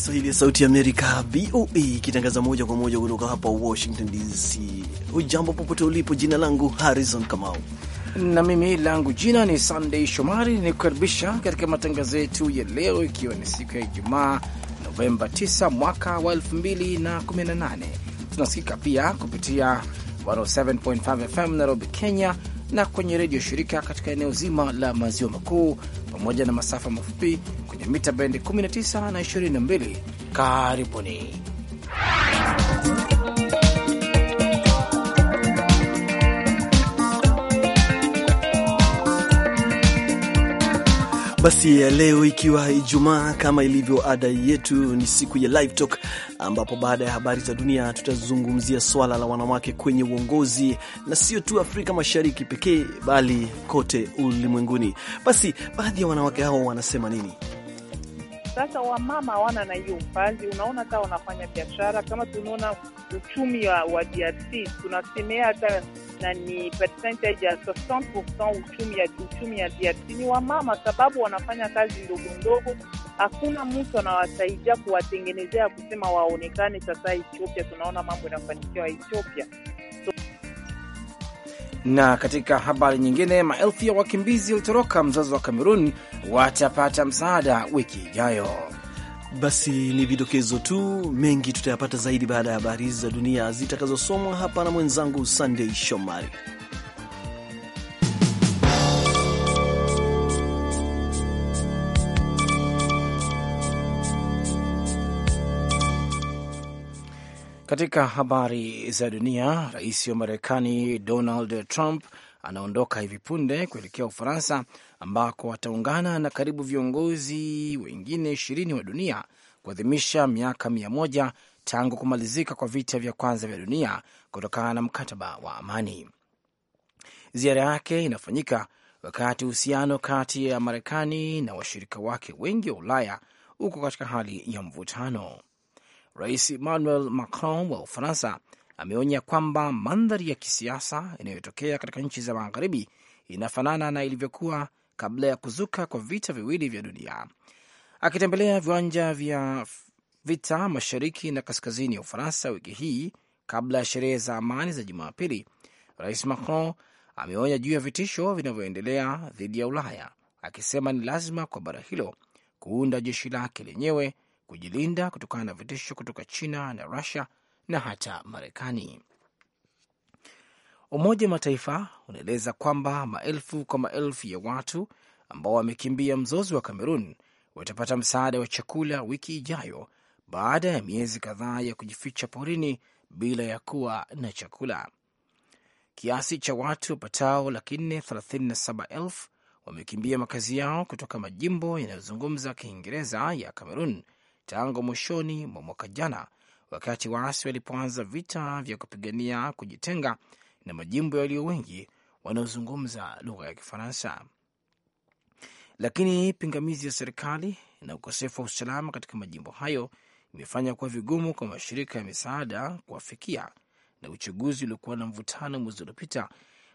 Kiswahili ya Sauti Amerika, VOA, ikitangaza moja kwa moja kutoka hapa Washington DC. Hujambo popote ulipo, jina langu Harrison Kamau na mimi langu jina ni Sunday Shomari, ni kukaribisha katika matangazo yetu ya leo, ikiwa ni siku ya Ijumaa Novemba 9 mwaka wa 2018. Tunasikika pia kupitia 107.5 FM Nairobi, Kenya, na kwenye redio shirika katika eneo zima la maziwa makuu, pamoja na masafa mafupi kwenye mita bendi 19 na 22. Karibuni. Basi ya leo ikiwa Ijumaa, kama ilivyo ada yetu, ni siku ya live talk, ambapo baada ya habari za dunia tutazungumzia swala la wanawake kwenye uongozi, na sio tu Afrika Mashariki pekee, bali kote ulimwenguni. Basi baadhi ya wanawake hao wanasema nini? Sasa wamama hawana na hiyo upazi, unaona kaa wanafanya biashara. Kama tunaona uchumi wa, wa DRC tunasemea hata na ni percentage ya 60% uchumi ya uchumi ya DRC ni wamama, sababu wanafanya kazi ndogo ndogo. Hakuna mtu anawasaidia kuwatengenezea kusema waonekane. Sasa Ethiopia tunaona mambo yanafanikiwa Ethiopia na katika habari nyingine, maelfu ya wakimbizi walitoroka mzozo wa Kamerun watapata msaada wiki ijayo. Basi ni vidokezo tu, mengi tutayapata zaidi baada ya habari hizi za dunia zitakazosomwa hapa na mwenzangu sandey Shomari. Katika habari za dunia, rais wa Marekani Donald Trump anaondoka hivi punde kuelekea Ufaransa ambako ataungana na karibu viongozi wengine ishirini wa dunia kuadhimisha miaka mia moja tangu kumalizika kwa vita vya kwanza vya dunia kutokana na mkataba wa amani. Ziara yake inafanyika wakati uhusiano kati ya Marekani na washirika wake wengi wa Ulaya uko katika hali ya mvutano. Rais Emmanuel Macron wa Ufaransa ameonya kwamba mandhari ya kisiasa inayotokea katika nchi za magharibi inafanana na ilivyokuwa kabla ya kuzuka kwa vita viwili vya dunia. Akitembelea viwanja vya vita mashariki na kaskazini ya Ufaransa wiki hii kabla ya sherehe za amani za Jumapili, Rais Macron ameonya juu ya vitisho vinavyoendelea dhidi ya Ulaya, akisema ni lazima kwa bara hilo kuunda jeshi lake lenyewe kujilinda kutokana na vitisho kutoka China na Rusia na hata Marekani. Umoja wa Mataifa unaeleza kwamba maelfu kwa maelfu ya watu ambao wamekimbia mzozo wa Kamerun watapata msaada wa chakula wiki ijayo baada ya miezi kadhaa ya kujificha porini bila ya kuwa na chakula. Kiasi cha watu wapatao laki nne thelathini na saba elfu wamekimbia makazi yao kutoka majimbo yanayozungumza Kiingereza ya Kamerun tangu mwishoni mwa mwaka jana, wakati waasi walipoanza vita vya kupigania kujitenga na majimbo yaliyo wengi wanaozungumza lugha ya Kifaransa. Lakini pingamizi ya serikali na ukosefu wa usalama katika majimbo hayo imefanya kuwa vigumu kwa mashirika ya misaada kuwafikia, na uchaguzi uliokuwa na mvutano mwezi uliopita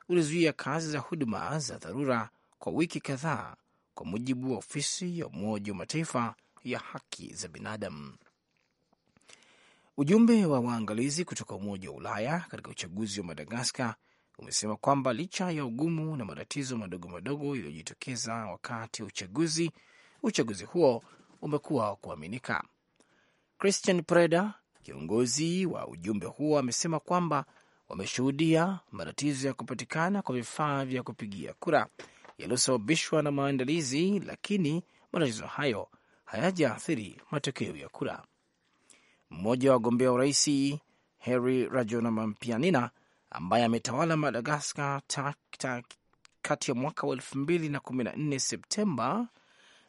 ulizuia kazi za huduma za dharura kwa wiki kadhaa, kwa mujibu wa ofisi ya Umoja wa Mataifa ya haki za binadamu. Ujumbe wa waangalizi kutoka Umoja wa Ulaya katika uchaguzi wa Madagaskar umesema kwamba licha ya ugumu na matatizo madogo madogo yaliyojitokeza wakati wa uchaguzi, uchaguzi huo umekuwa wa kuaminika. Christian Preda, kiongozi wa ujumbe huo, amesema kwamba wameshuhudia matatizo ya kupatikana kwa vifaa vya kupigia kura yaliyosababishwa na maandalizi, lakini matatizo hayo hayajaathiri matokeo ya kura. Mmoja wa wagombea urais Heri Rajaonarimampianina ambaye ametawala Madagaskar kati ya mwaka wa elfu mbili na kumi na nne Septemba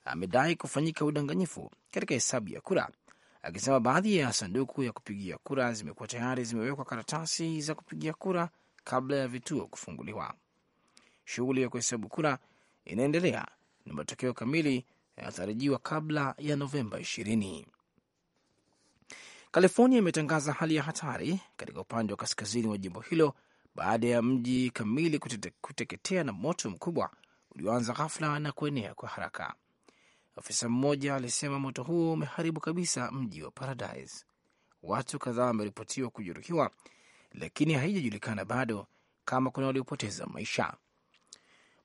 amedai kufanyika udanganyifu katika hesabu ya kura, akisema baadhi ya sanduku ya kupigia kura zimekuwa tayari zimewekwa karatasi za kupigia kura kabla ya vituo kufunguliwa. Shughuli ya kuhesabu kura inaendelea na matokeo kamili yanatarajiwa kabla ya Novemba 20. California imetangaza hali ya hatari katika upande wa kaskazini wa jimbo hilo baada ya mji kamili kutete, kuteketea na moto mkubwa ulioanza ghafla na kuenea kwa haraka. Afisa mmoja alisema moto huo umeharibu kabisa mji wa Paradise. Watu kadhaa wameripotiwa kujeruhiwa, lakini haijajulikana bado kama kuna waliopoteza maisha.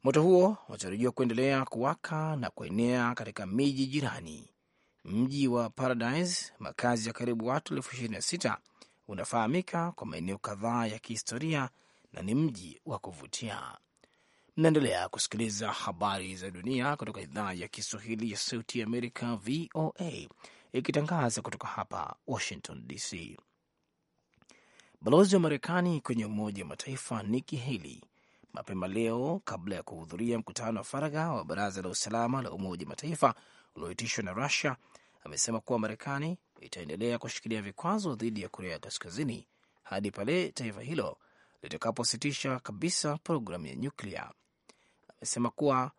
Moto huo unatarajiwa kuendelea kuwaka na kuenea katika miji jirani. Mji wa Paradise, makazi ya karibu watu elfu ishirini na sita, unafahamika kwa maeneo kadhaa ya kihistoria na ni mji wa kuvutia. Mnaendelea kusikiliza habari za dunia kutoka idhaa ya Kiswahili ya Sauti ya Amerika, VOA, ikitangaza kutoka hapa Washington DC. Balozi wa Marekani kwenye Umoja wa Mataifa Nikki Haley mapema leo kabla ya kuhudhuria mkutano wa faragha wa Baraza la Usalama la Umoja Mataifa ulioitishwa na Rusia, amesema kuwa Marekani itaendelea kushikilia vikwazo dhidi ya Korea Kaskazini hadi pale taifa hilo litakapositisha kabisa programu ya nyuklia. Amesema kuwa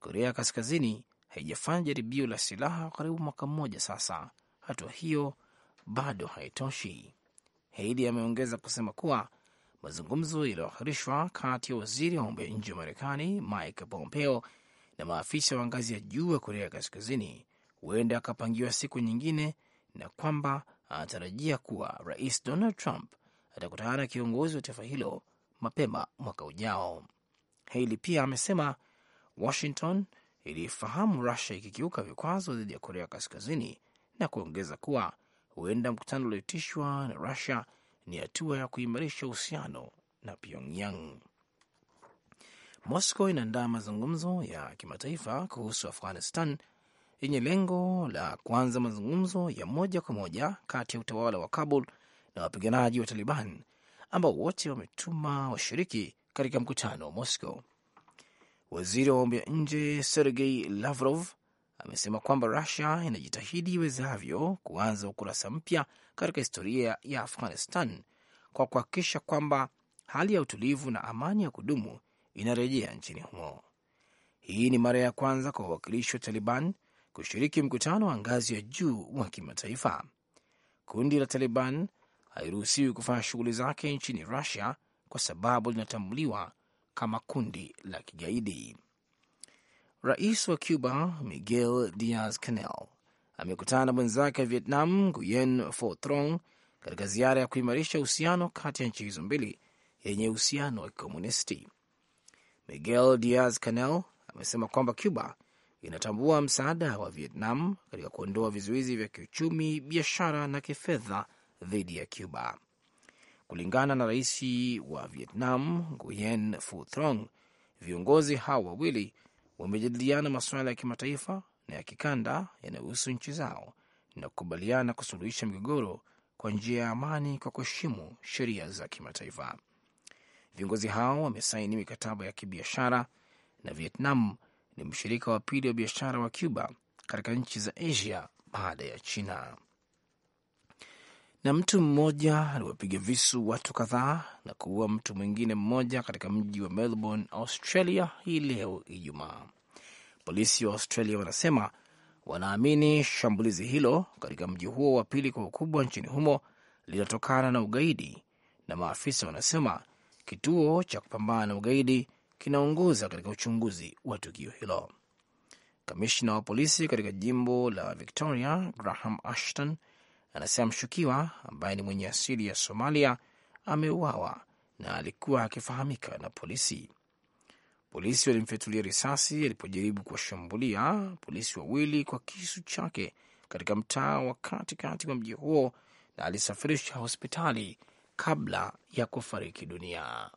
Korea Kaskazini haijafanya jaribio la silaha karibu mwaka mmoja sasa. Hatua hiyo bado haitoshi. Heidi ameongeza kusema kuwa mazungumzo yaliyoahirishwa kati ya waziri wa mambo ya nje wa Marekani Mike Pompeo na maafisa wa ngazi ya juu wa Korea Kaskazini huenda akapangiwa siku nyingine, na kwamba anatarajia kuwa Rais Donald Trump atakutana na kiongozi wa taifa hilo mapema mwaka ujao. Haley pia amesema Washington ilifahamu Rusia ikikiuka vikwazo dhidi ya Korea Kaskazini na kuongeza kuwa huenda mkutano ulioitishwa na Rusia ni hatua ya kuimarisha uhusiano na Pyongyang. Moscow inaandaa mazungumzo ya kimataifa kuhusu Afghanistan yenye lengo la kuanza mazungumzo ya moja kwa moja kati ya utawala wa Kabul na wapiganaji wa Taliban ambao wote wametuma washiriki katika mkutano wa Moscow. Waziri wa mambo ya nje Sergei Lavrov amesema kwamba Rusia inajitahidi iwezavyo kuanza ukurasa mpya katika historia ya Afghanistan kwa kuhakikisha kwamba hali ya utulivu na amani ya kudumu inarejea nchini humo. Hii ni mara ya kwanza kwa wawakilishi wa Taliban kushiriki mkutano wa ngazi ya juu wa kimataifa. Kundi la Taliban hairuhusiwi kufanya shughuli zake nchini Rusia kwa sababu linatambuliwa kama kundi la kigaidi. Rais wa Cuba Miguel Diaz Canel amekutana na mwenzake wa Vietnam Nguyen Phu Trong katika ziara ya kuimarisha uhusiano kati ya nchi hizo mbili yenye uhusiano wa kikomunisti. Miguel Diaz Canel amesema kwamba Cuba inatambua msaada wa Vietnam katika kuondoa vizuizi vya kiuchumi, biashara na kifedha dhidi ya Cuba. Kulingana na rais wa Vietnam Nguyen Phu Trong, viongozi hao wawili wamejadiliana masuala ya kimataifa na ya kikanda yanayohusu nchi zao na kukubaliana kusuluhisha migogoro kwa njia ya amani kwa kuheshimu sheria za kimataifa. Viongozi hao wamesaini mikataba ya kibiashara na Vietnam ni mshirika wa pili wa biashara wa Cuba katika nchi za Asia baada ya China. Na mtu mmoja aliwapiga visu watu kadhaa na kuua mtu mwingine mmoja katika mji wa Melbourne, Australia hii leo Ijumaa. Polisi wa Australia wanasema wanaamini shambulizi hilo katika mji huo wa pili kwa ukubwa nchini humo linatokana na ugaidi, na maafisa wanasema kituo cha kupambana na ugaidi kinaongoza katika uchunguzi wa tukio hilo. Kamishna wa polisi katika jimbo la Victoria, Graham Ashton, anasema mshukiwa ambaye ni mwenye asili ya Somalia ameuawa na alikuwa akifahamika na polisi. Polisi walimfyatulia risasi alipojaribu kuwashambulia polisi wawili kwa kisu chake katika mtaa wa katikati wa mji huo na alisafirisha hospitali kabla ya kufariki dunia.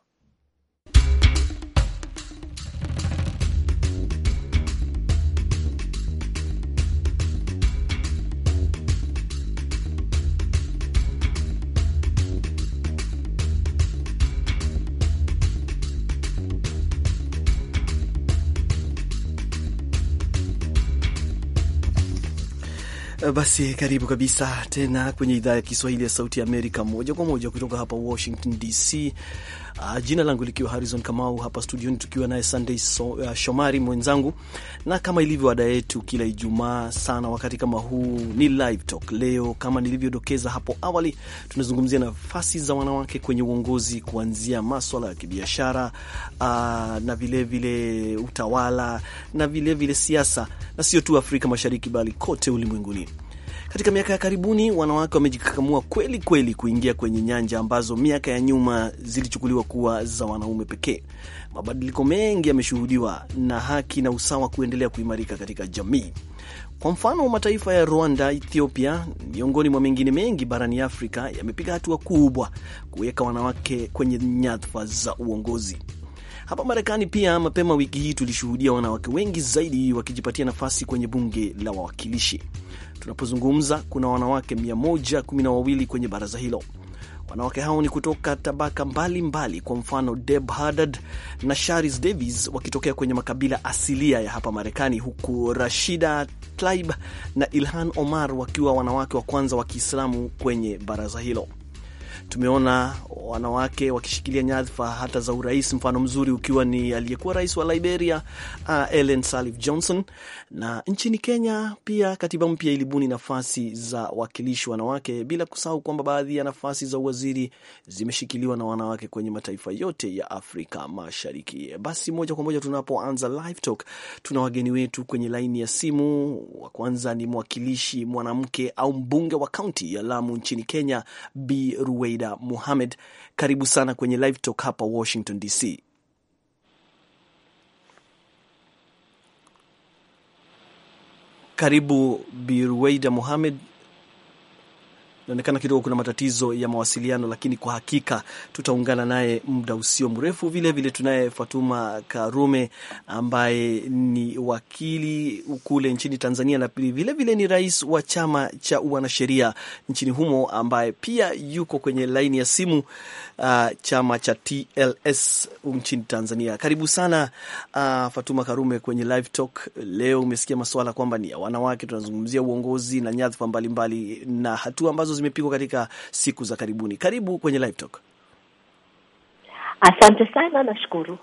Eh, basi karibu kabisa tena kwenye idhaa ya Kiswahili ya Sauti ya Amerika, moja kwa moja kutoka hapa Washington DC, Uh, jina langu likiwa Harrison Kamau hapa studioni tukiwa naye Sunday so, uh, Shomari mwenzangu, na kama ilivyo ada yetu kila Ijumaa sana wakati kama huu ni live talk. Leo kama nilivyodokeza hapo awali, tunazungumzia nafasi za wanawake kwenye uongozi kuanzia maswala ya kibiashara uh, na vilevile vile utawala na vilevile siasa, na sio tu Afrika Mashariki bali kote ulimwenguni. Katika miaka ya karibuni wanawake wamejikakamua kweli kweli kuingia kwenye nyanja ambazo miaka ya nyuma zilichukuliwa kuwa za wanaume pekee. Mabadiliko mengi yameshuhudiwa na haki na usawa kuendelea kuimarika katika jamii. Kwa mfano, mataifa ya Rwanda, Ethiopia, miongoni mwa mengine mengi barani Afrika yamepiga hatua kubwa kuweka wanawake kwenye nyadhifa za uongozi. Hapa Marekani pia mapema wiki hii tulishuhudia wanawake wengi zaidi wakijipatia nafasi kwenye bunge la wawakilishi. Tunapozungumza kuna wanawake 112 kwenye baraza hilo. Wanawake hao ni kutoka tabaka mbalimbali mbali, kwa mfano Deb hadad na Sharis Davis wakitokea kwenye makabila asilia ya hapa Marekani, huku Rashida Tlaib na Ilhan Omar wakiwa wanawake wa kwanza wa Kiislamu kwenye baraza hilo. Tumeona wanawake wakishikilia nyadhifa hata za urais, mfano mzuri ukiwa ni aliyekuwa rais wa Liberia uh, Ellen Sirleaf Johnson. Na nchini Kenya pia katiba mpya ilibuni nafasi za wakilishi wanawake, bila kusahau kwamba baadhi ya nafasi za uwaziri zimeshikiliwa na wanawake kwenye mataifa yote ya Afrika Mashariki. Basi moja kwa moja tunapoanza live talk, tuna wageni wetu kwenye laini ya simu. Wa kwanza ni mwakilishi mwanamke au mbunge wa kaunti ya Lamu nchini Kenya, Bi Ruwei Aida Muhamed, karibu sana kwenye Live Talk hapa Washington DC. Karibu birweida Muhamed, inaonekana kidogo kuna matatizo ya mawasiliano, lakini kwa hakika tutaungana naye muda usio mrefu. Vilevile tunaye Fatuma Karume ambaye ni wakili kule nchini Tanzania na vilevile vile ni rais wa chama cha wanasheria nchini humo ambaye pia yuko kwenye laini ya simu. Uh, chama cha TLS nchini Tanzania. Karibu sana uh, Fatuma Karume kwenye Live Talk leo. Umesikia masuala kwamba ni ya wanawake, tunazungumzia uongozi na nyadhifa mbalimbali na hatua ambazo zimepigwa katika siku za karibuni. Karibu kwenye Live Talk. Asante sana, nashukuru.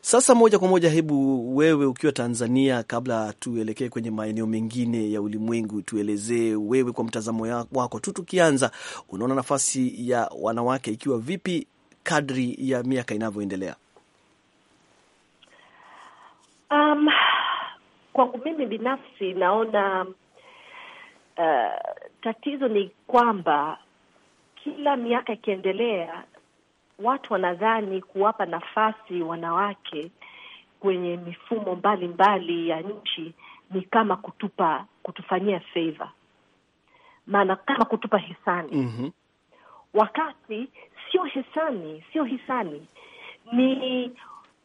Sasa moja kwa moja, hebu wewe ukiwa Tanzania, kabla tuelekee kwenye maeneo mengine ya ulimwengu, tuelezee wewe kwa mtazamo wako tu, tukianza, unaona nafasi ya wanawake ikiwa vipi kadri ya miaka inavyoendelea? Um, kwangu mimi binafsi naona uh, Tatizo ni kwamba kila miaka ikiendelea, watu wanadhani kuwapa nafasi wanawake kwenye mifumo mbalimbali mbali ya nchi ni kama kutupa kutufanyia favor, maana kama kutupa hisani mm -hmm. Wakati sio hisani, sio hisani, ni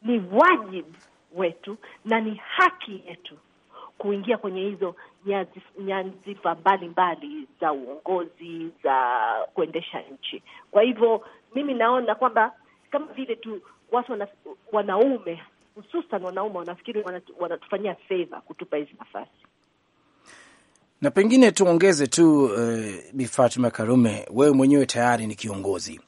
ni wajibu wetu na ni haki yetu kuingia kwenye hizo nyanzifa mbalimbali za uongozi za kuendesha nchi. Kwa hivyo mimi naona kwamba kama vile tu watu wana, wanaume hususan wanaume wanafikiri wanatufanyia favor kutupa hizi nafasi na pengine tuongeze tu eh, Bi Fatuma uh, Karume, wewe mwenyewe tayari ni kiongozi,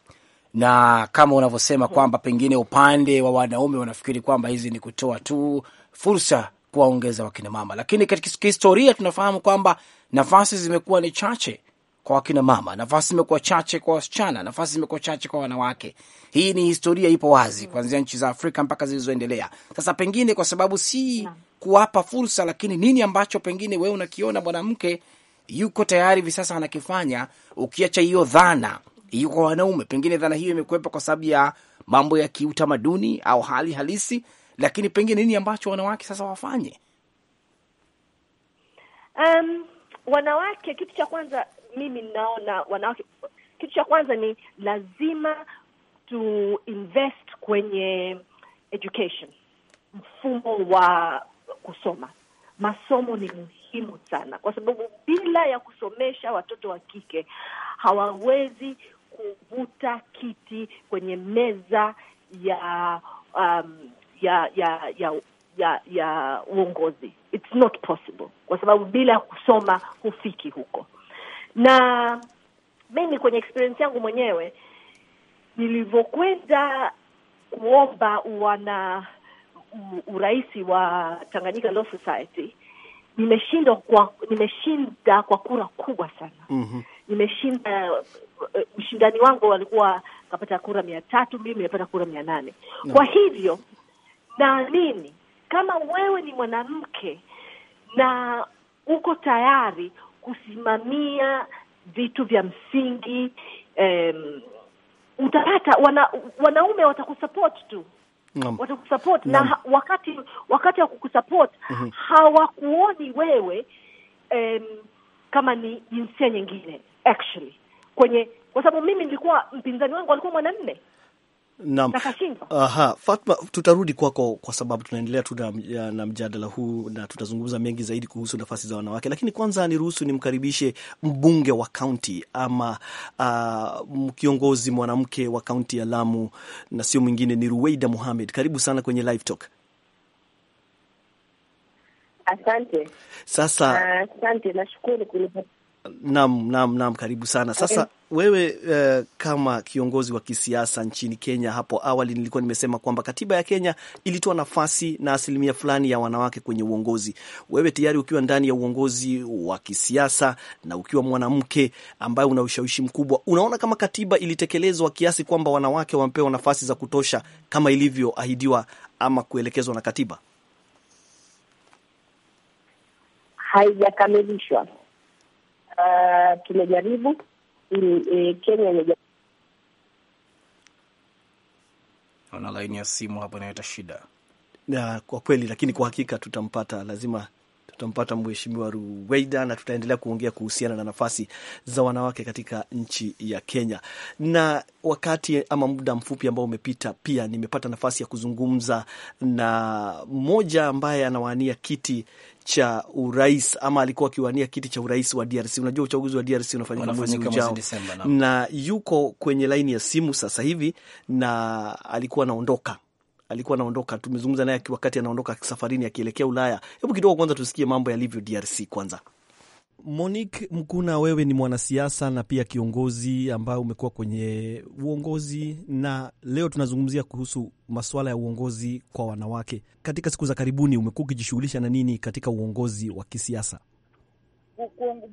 na kama unavyosema hmm. kwamba pengine upande wa wanaume wanafikiri kwamba hizi ni kutoa tu fursa kuwaongeza wakinamama, lakini katika kihistoria tunafahamu kwamba nafasi zimekuwa ni chache kwa wakinamama, nafasi zimekuwa chache kwa wasichana, nafasi zimekuwa chache kwa wanawake. Hii ni historia, ipo wazi kuanzia nchi za Afrika mpaka zilizoendelea. Sasa pengine kwa sababu si kuwapa fursa, lakini nini ambacho pengine wewe unakiona mwanamke yuko tayari hivi sasa anakifanya, ukiacha hiyo dhana hiyo kwa wanaume? Pengine dhana hiyo imekuwepo kwa sababu ya mambo ya kiutamaduni au hali halisi, lakini pengine nini ambacho wanawake sasa wafanye? Um, wanawake, kitu cha kwanza mimi ninaona wanawake, kitu cha kwanza ni lazima tu invest kwenye education, mfumo wa kusoma. Masomo ni muhimu sana, kwa sababu bila ya kusomesha watoto wa kike hawawezi kuvuta kiti kwenye meza ya um, ya ya ya ya ya uongozi. It's not possible, kwa sababu bila kusoma hufiki huko. Na mimi kwenye experience yangu mwenyewe nilivyokwenda kuomba wana uraisi wa Tanganyika Law Society nimeshinda kwa nimeshinda kwa kura kubwa sana. mm -hmm. Nimeshinda, mshindani eh, wangu walikuwa akapata kura mia tatu, mimi nimepata kura mia nane. No. Kwa hivyo naamini kama wewe ni mwanamke na uko tayari kusimamia vitu vya msingi um, utapata wana, wanaume watakusupport tu mm. watakusupport mm. na wakati wakati wa kukusupport mm -hmm. hawakuoni wewe um, kama ni jinsia nyingine actually kwenye kwa sababu mimi nilikuwa mpinzani wangu alikuwa mwanamme Naam. Aha, Fatma, tutarudi kwako kwa, kwa sababu tunaendelea tu na mjadala huu na tutazungumza mengi zaidi kuhusu nafasi za wanawake, lakini kwanza niruhusu nimkaribishe mbunge wa kaunti ama uh, kiongozi mwanamke wa kaunti ya Lamu na sio mwingine ni Ruweida Mohamed. Karibu sana kwenye Live Talk. Asante. Sasa asante, nashukuru kunipatia nam nam nam karibu sana. Eh, Sasa okay. Eh. Wewe uh, kama kiongozi wa kisiasa nchini Kenya, hapo awali nilikuwa nimesema kwamba katiba ya Kenya ilitoa nafasi na asilimia fulani ya wanawake kwenye uongozi. Wewe tayari ukiwa ndani ya uongozi wa kisiasa na ukiwa mwanamke ambaye una ushawishi mkubwa, unaona kama katiba ilitekelezwa kiasi kwamba wanawake wamepewa nafasi za kutosha kama ilivyoahidiwa ama kuelekezwa na katiba? Haijakamilishwa uh, tumejaribu ili mm, eh, Kenya imejaribu. Naona laini ya simu hapo inaleta shida na kwa kweli, lakini kwa hakika tutampata, lazima tutampata Mheshimiwa Ruweida na tutaendelea kuongea kuhusiana na nafasi za wanawake katika nchi ya Kenya. Na wakati ama muda mfupi ambao umepita, pia nimepata nafasi ya kuzungumza na mmoja ambaye anawania kiti cha urais ama alikuwa akiwania kiti cha urais wa DRC. Unajua uchaguzi wa DRC unafanyika mwezi ujao, na yuko kwenye laini ya simu sasa hivi, na alikuwa anaondoka alikuwa anaondoka, tumezungumza naye wakati anaondoka safarini akielekea Ulaya. Hebu kidogo kwanza tusikie mambo yalivyo DRC kwanza. Monique Mkuna, wewe ni mwanasiasa na pia kiongozi ambaye umekuwa kwenye uongozi, na leo tunazungumzia kuhusu masuala ya uongozi kwa wanawake. Katika siku za karibuni umekuwa ukijishughulisha na nini katika uongozi wa kisiasa?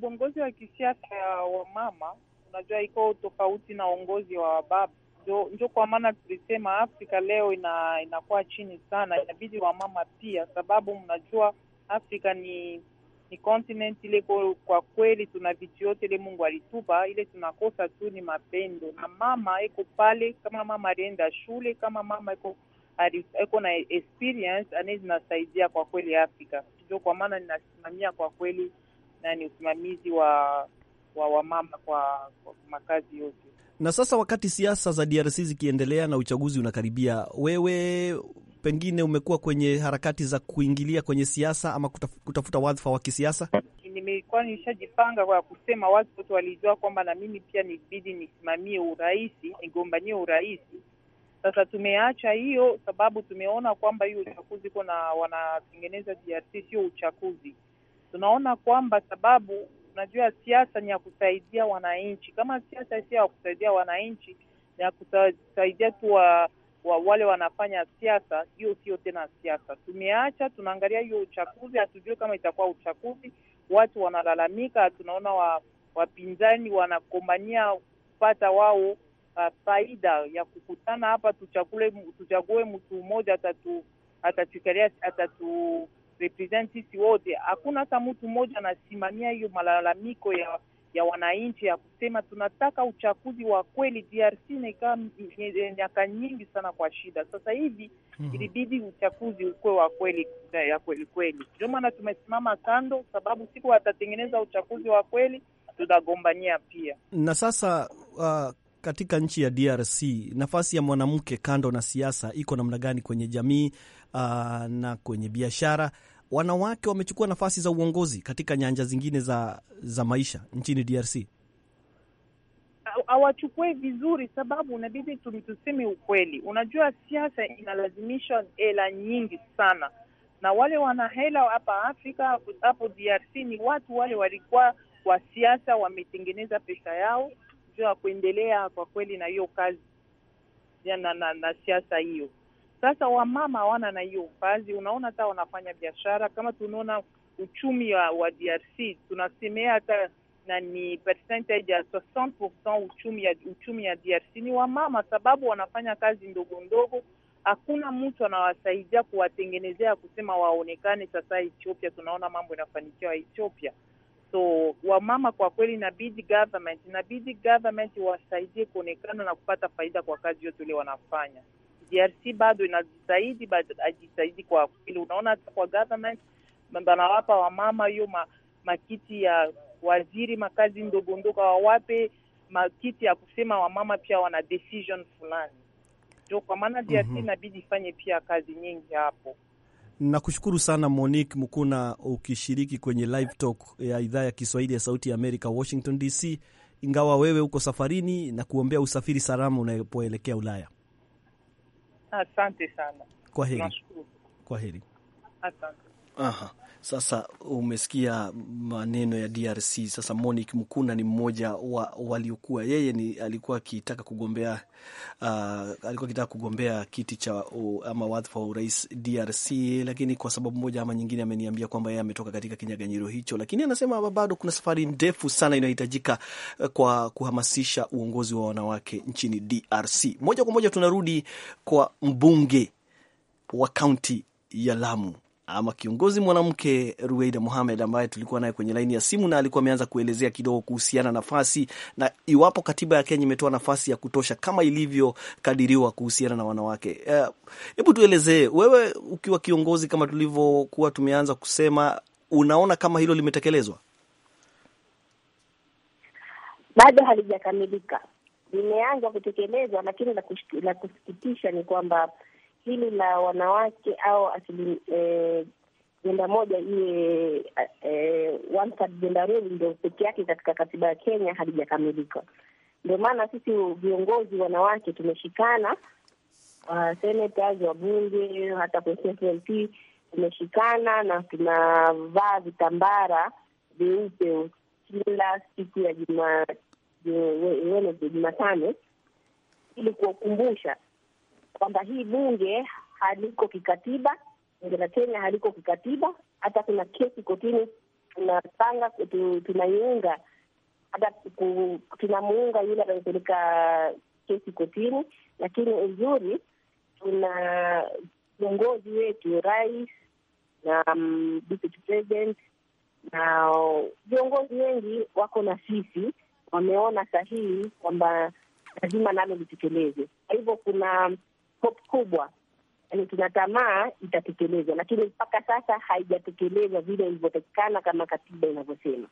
Uongozi wa kisiasa wa mama, unajua iko tofauti na uongozi wa baba ndio, ndio kwa maana tulisema Afrika leo ina, inakuwa chini sana, inabidi wamama pia, sababu mnajua Afrika ni ni continent ile kwa, kwa kweli tuna vitu yote ile Mungu alitupa, ile tunakosa tu ni mapendo. Na mama eko pale, kama mama alienda shule, kama mama iko iko na experience anaye zinasaidia kwa kweli Afrika. Ndio kwa maana ninasimamia kwa kweli na ni usimamizi wa wa wamama kwa, kwa makazi yote. Na sasa wakati siasa za DRC zikiendelea na uchaguzi unakaribia, wewe pengine umekuwa kwenye harakati za kuingilia kwenye siasa ama kutaf kutafuta wadhifa wa kisiasa? Nimekuwa nishajipanga kwa kusema, watu wote walijua kwamba na mimi pia nibidi nisimamie urais, nigombanie urais. Sasa tumeacha hiyo sababu tumeona kwamba hiyo uchaguzi kuna wanatengeneza DRC sio uchaguzi. Tunaona kwamba sababu Unajua, siasa ni ya kusaidia wananchi. Kama siasa sio ya kusaidia wananchi, ni ya kusaidia tu wa, wa wale wanafanya siasa, hiyo sio tena siasa. Tumeacha tunaangalia hiyo uchaguzi, hatujui kama itakuwa uchaguzi. Watu wanalalamika, tunaona wa, wapinzani wanakombania kupata wao uh, faida ya kukutana hapa, tuchague mtu mmoja atatu atatuikalia atatu represent sisi wote. Hakuna hata mtu mmoja anasimamia hiyo malalamiko ya ya wananchi ya kusema tunataka uchaguzi wa kweli. DRC inakaa miaka nyingi sana kwa shida, sasa hivi mm -hmm. ilibidi uchaguzi ukuwe wa kweli ya kweli kweli. Ndio maana tumesimama kando, sababu siku watatengeneza uchaguzi wa kweli tutagombania pia. Na sasa uh, katika nchi ya DRC nafasi ya mwanamke kando na siasa iko namna gani kwenye jamii uh, na kwenye biashara. Wanawake wamechukua nafasi za uongozi katika nyanja zingine za, za maisha nchini DRC hawachukue vizuri, sababu unabidi tuseme ukweli. Unajua, siasa inalazimisha hela nyingi sana, na wale wanahela hapa Afrika, hapo DRC ni watu wale walikuwa wa siasa, wametengeneza pesa yao juu ya kuendelea kwa kweli na hiyo kazi na, na, na siasa hiyo sasa wamama hawana na hiyo ufazi, unaona hata wanafanya biashara kama tunaona uchumi wa, wa DRC tunasemea hata na ni percentage ya 60% uchumi ya uchumi ya DRC ni wamama, sababu wanafanya kazi ndogo ndogo. Hakuna mtu anawasaidia kuwatengenezea kusema waonekane. Sasa Ethiopia tunaona mambo inafanikiwa Ethiopia, so wamama kwa kweli inabidi government inabidi government wasaidie kuonekana na kupata faida kwa kazi yote ile wanafanya. DRC bado inajitahidi, bado ajitahidi kwa kile Unaona hata kwa government banawapa wamama hiyo ma, makiti ya waziri makazi ndogo ndogo, wawape makiti ya kusema wamama pia wana decision fulani, jo kwa maana DRC mm -hmm. inabidi ifanye pia kazi nyingi hapo. Nakushukuru sana Monique Mukuna ukishiriki kwenye live talk ya idhaa ya Kiswahili ya Sauti ya Amerika, Washington DC, ingawa wewe uko safarini na kuombea usafiri salama unapoelekea Ulaya. Asante sana, kwa heri. Kwa heri, asante. Aha. Sasa umesikia maneno ya DRC. Sasa Monique Mkuna ni mmoja wa waliokuwa yeye ni alikuwa akitaka kugombea uh, alikuwa akitaka kugombea kiti cha uh, ama wadhifa wa urais DRC, lakini kwa sababu moja ama nyingine ameniambia kwamba yeye ametoka katika kinyaganyiro hicho, lakini anasema bado kuna safari ndefu sana inayohitajika uh, kwa kuhamasisha uongozi wa wanawake nchini DRC. Moja kwa moja tunarudi kwa mbunge wa kaunti ya Lamu ama kiongozi mwanamke Ruweida Mohamed ambaye tulikuwa naye kwenye laini ya simu na alikuwa ameanza kuelezea kidogo kuhusiana nafasi na iwapo katiba ya Kenya imetoa nafasi ya kutosha kama ilivyokadiriwa kuhusiana na wanawake. Eh, hebu uh, tuelezee wewe, ukiwa kiongozi, kama tulivyokuwa tumeanza kusema, unaona kama hilo limetekelezwa? Bado halijakamilika, limeanza kutekelezwa, lakini la kusikitisha ni kwamba hili la wanawake au jenda eh, moja iye eh, one third gender rule ndio peke yake katika katiba ya Kenya halijakamilika. Ndio maana sisi viongozi wanawake tumeshikana, uh, senators, wabunge, hata MP tumeshikana na tunavaa vitambara vyeupe kila siku ya Jumatano ili kuwakumbusha kwamba hii bunge haliko kikatiba, bunge la Kenya haliko kikatiba. Hata kuna kesi kotini tunapanga tunaiunga, hata tunamuunga yule anayepeleka kesi kotini, lakini uzuri tuna viongozi wetu, rais na um, deputy president na viongozi wengi wako na sisi, wameona sahihi kwamba lazima nalo litekeleze Kwa hivyo kuna hope kubwa, yani tuna tamaa itatekelezwa, lakini mpaka sasa haijatekelezwa vile ilivyotakikana kama katiba inavyosema.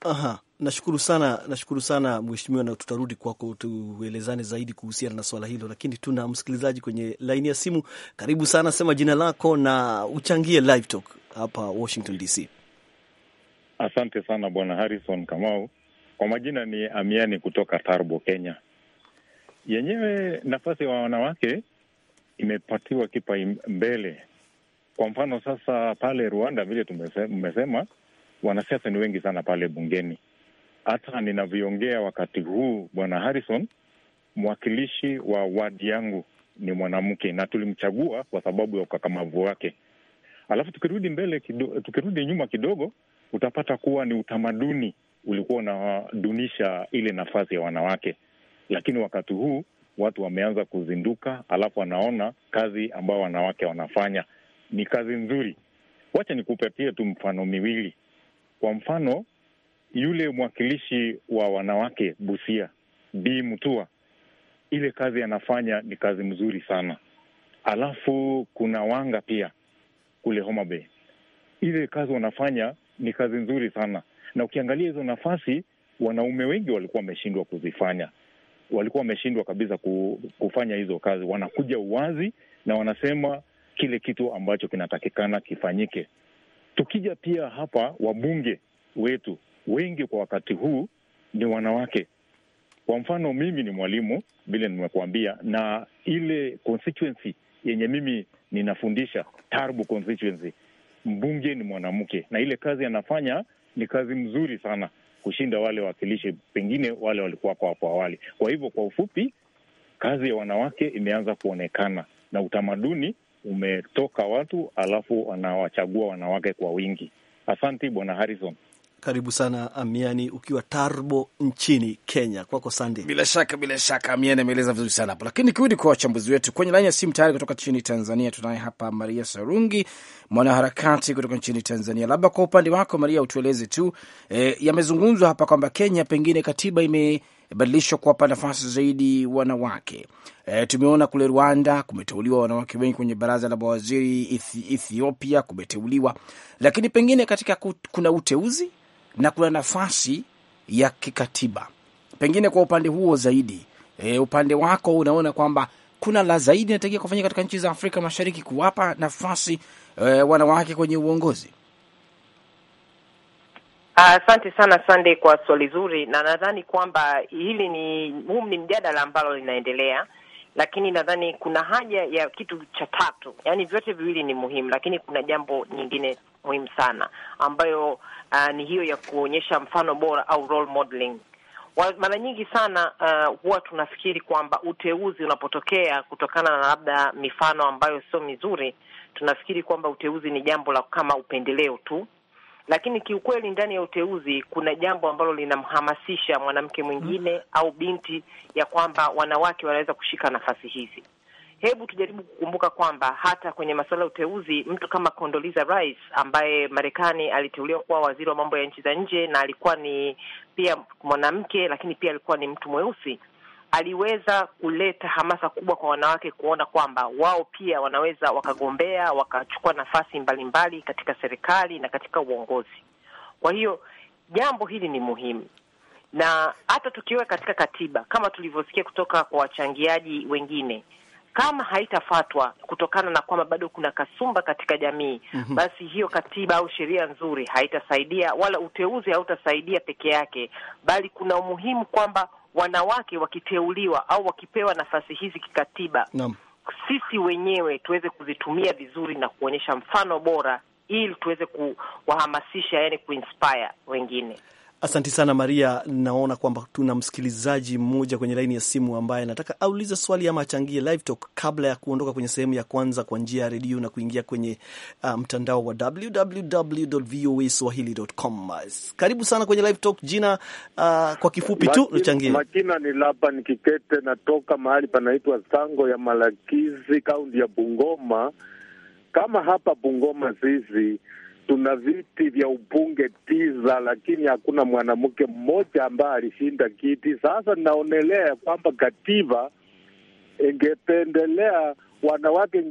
Aha, nashukuru sana, nashukuru sana mheshimiwa, na tutarudi kwako tuelezane zaidi kuhusiana na swala hilo, lakini tuna msikilizaji kwenye laini ya simu. Karibu sana, sema jina lako na uchangie live talk hapa Washington DC. Asante sana bwana Harrison Kamau. Kwa majina ni Amiani kutoka Tarbo, Kenya yenyewe nafasi ya wa wanawake imepatiwa kipaumbele. Kwa mfano sasa pale Rwanda, vile tumesema, wanasiasa ni wengi sana pale bungeni. Hata ninavyoongea wakati huu, bwana Harrison, mwakilishi wa wadi yangu ni mwanamke na tulimchagua kwa sababu ya ukakamavu wake. Alafu tukirudi mbele tukirudi nyuma kidogo, utapata kuwa ni utamaduni ulikuwa unadunisha ile nafasi ya wanawake lakini wakati huu watu wameanza kuzinduka, alafu wanaona kazi ambayo wanawake wanafanya ni kazi nzuri. Wacha nikupe pia tu mfano miwili. Kwa mfano, yule mwakilishi wa wanawake Busia, Bi Mutua, ile kazi anafanya ni kazi mzuri sana. Alafu kuna wanga pia kule Homa Bay, ile kazi wanafanya ni kazi nzuri sana, na ukiangalia hizo nafasi wanaume wengi walikuwa wameshindwa kuzifanya walikuwa wameshindwa kabisa kufanya hizo kazi, wanakuja uwazi na wanasema kile kitu ambacho kinatakikana kifanyike. Tukija pia hapa, wabunge wetu wengi kwa wakati huu ni wanawake. Kwa mfano, mimi ni mwalimu vile nimekuambia, na ile constituency yenye mimi ninafundisha Tarbu constituency, mbunge ni mwanamke na ile kazi anafanya ni kazi mzuri sana kushinda wale wawakilishi pengine wale kwa hapo awali. Kwa hivyo, kwa ufupi, kazi ya wanawake imeanza kuonekana na utamaduni umetoka watu, alafu wanawachagua wanawake kwa wingi. Asante Bwana Harrison. Karibu sana Amiani, ukiwa Tarbo nchini Kenya. Kwako Sande. Bila shaka, bila shaka, Amiani ameeleza vizuri sana hapo, lakini kirudi kwa wachambuzi wetu kwenye laini ya simu tayari. Kutoka nchini Tanzania tunaye hapa Maria Sarungi, mwanaharakati kutoka nchini Tanzania. Labda kwa upande wako Maria, utueleze tu e, yamezungumzwa hapa kwamba Kenya pengine katiba imebadilishwa kuwapa nafasi zaidi wanawake. E, tumeona kule Rwanda kumeteuliwa wanawake wengi kwenye baraza la mawaziri, Ethiopia kumeteuliwa, lakini pengine katika kuna uteuzi na kuna nafasi ya kikatiba pengine kwa upande huo zaidi. E, upande wako unaona kwamba kuna la zaidi natakiwa kufanyika katika nchi za Afrika Mashariki kuwapa nafasi e, wanawake kwenye uongozi? Asante uh, sana sande kwa swali zuri, na nadhani kwamba hili ni huu ni mjadala ambalo linaendelea, lakini nadhani kuna haja ya kitu cha tatu, yaani vyote viwili ni muhimu, lakini kuna jambo nyingine muhimu sana ambayo uh, ni hiyo ya kuonyesha mfano bora au role modeling. Mara nyingi sana uh, huwa tunafikiri kwamba uteuzi unapotokea kutokana na labda mifano ambayo sio mizuri, tunafikiri kwamba uteuzi ni jambo la kama upendeleo tu, lakini kiukweli ndani ya uteuzi kuna jambo ambalo linamhamasisha mwanamke mwingine mm, au binti ya kwamba wanawake wanaweza kushika nafasi hizi. Hebu tujaribu kukumbuka kwamba hata kwenye masuala ya uteuzi, mtu kama Condoleezza Rice ambaye Marekani aliteuliwa kuwa waziri wa mambo ya nchi za nje na alikuwa ni pia mwanamke, lakini pia alikuwa ni mtu mweusi, aliweza kuleta hamasa kubwa kwa wanawake kuona kwamba wao pia wanaweza wakagombea wakachukua nafasi mbalimbali mbali katika serikali na katika uongozi. Kwa hiyo jambo hili ni muhimu na hata tukiweka katika katiba kama tulivyosikia kutoka kwa wachangiaji wengine kama haitafatwa kutokana na kwamba bado kuna kasumba katika jamii mm -hmm. Basi hiyo katiba au sheria nzuri haitasaidia wala uteuzi hautasaidia peke yake, bali kuna umuhimu kwamba wanawake wakiteuliwa au wakipewa nafasi hizi kikatiba no. Sisi wenyewe tuweze kuzitumia vizuri na kuonyesha mfano bora ili tuweze kuwahamasisha, yani kuinspire wengine. Asanti sana Maria. Naona kwamba tuna msikilizaji mmoja kwenye laini ya simu ambaye anataka aulize swali ama achangie live talk kabla ya kuondoka kwenye sehemu ya kwanza kwa njia ya redio na kuingia kwenye uh, mtandao wa www.voaswahili.com. Karibu sana kwenye live talk. Jina uh, kwa kifupi tu uchangie. Makina ni ni Kikete, natoka mahali panaitwa Sango ya Malakizi, kaunti ya Bungoma. Kama hapa Bungoma zizi tuna viti vya ubunge tisa, lakini hakuna mwanamke mmoja ambaye alishinda kiti. Sasa naonelea kwamba katiba ingependelea wanawake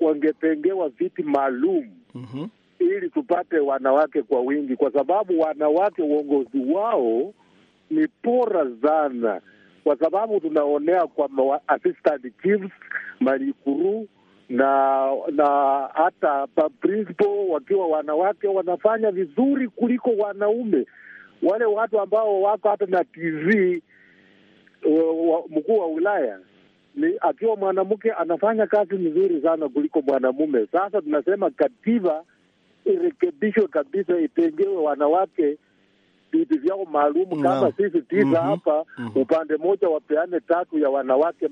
wangetengewa viti maalum mm -hmm. ili tupate wanawake kwa wingi, kwa sababu wanawake uongozi wao ni bora sana, kwa sababu tunaonea kwa assistant chiefs, malikuru na na hata paprinsipo wakiwa wanawake wanafanya vizuri kuliko wanaume. Wale watu ambao wako hata na TV, mkuu wa wilaya ni akiwa mwanamke anafanya kazi nzuri sana kuliko mwanamume. Sasa tunasema katiba irekebishwe kabisa, itengewe wanawake viti vyao maalum kama sisi tisa mm hapa mm -hmm. upande mmoja wapeane tatu ya wanawake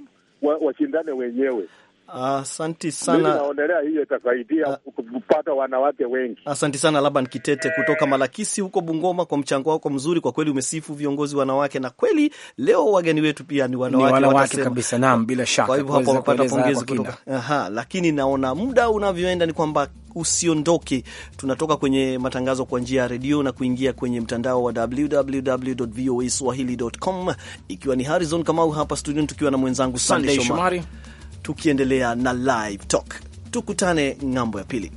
washindane wa wenyewe. Asanti sana. Naonelea hiyo itasaidia ah. kupata wanawake wengi. Asanti sana Laban Kitete kutoka Malakisi huko Bungoma kwa mchango wako mzuri. Kwa kweli umesifu viongozi wanawake, na kweli leo wageni wetu pia ni wanawake, ni wanawake kabisa. Naam, bila shaka. Kwa hivyo hapo wamepata pongezi kutoka. Aha, lakini naona muda unavyoenda ni kwamba usiondoke. Tunatoka kwenye matangazo kwa njia ya redio na kuingia kwenye mtandao wa www.voaswahili.com, ikiwa ni Harrison Kamau hapa studio tukiwa na mwenzangu Sunday Shomari tukiendelea na live talk. Tukutane ng'ambo ya pili.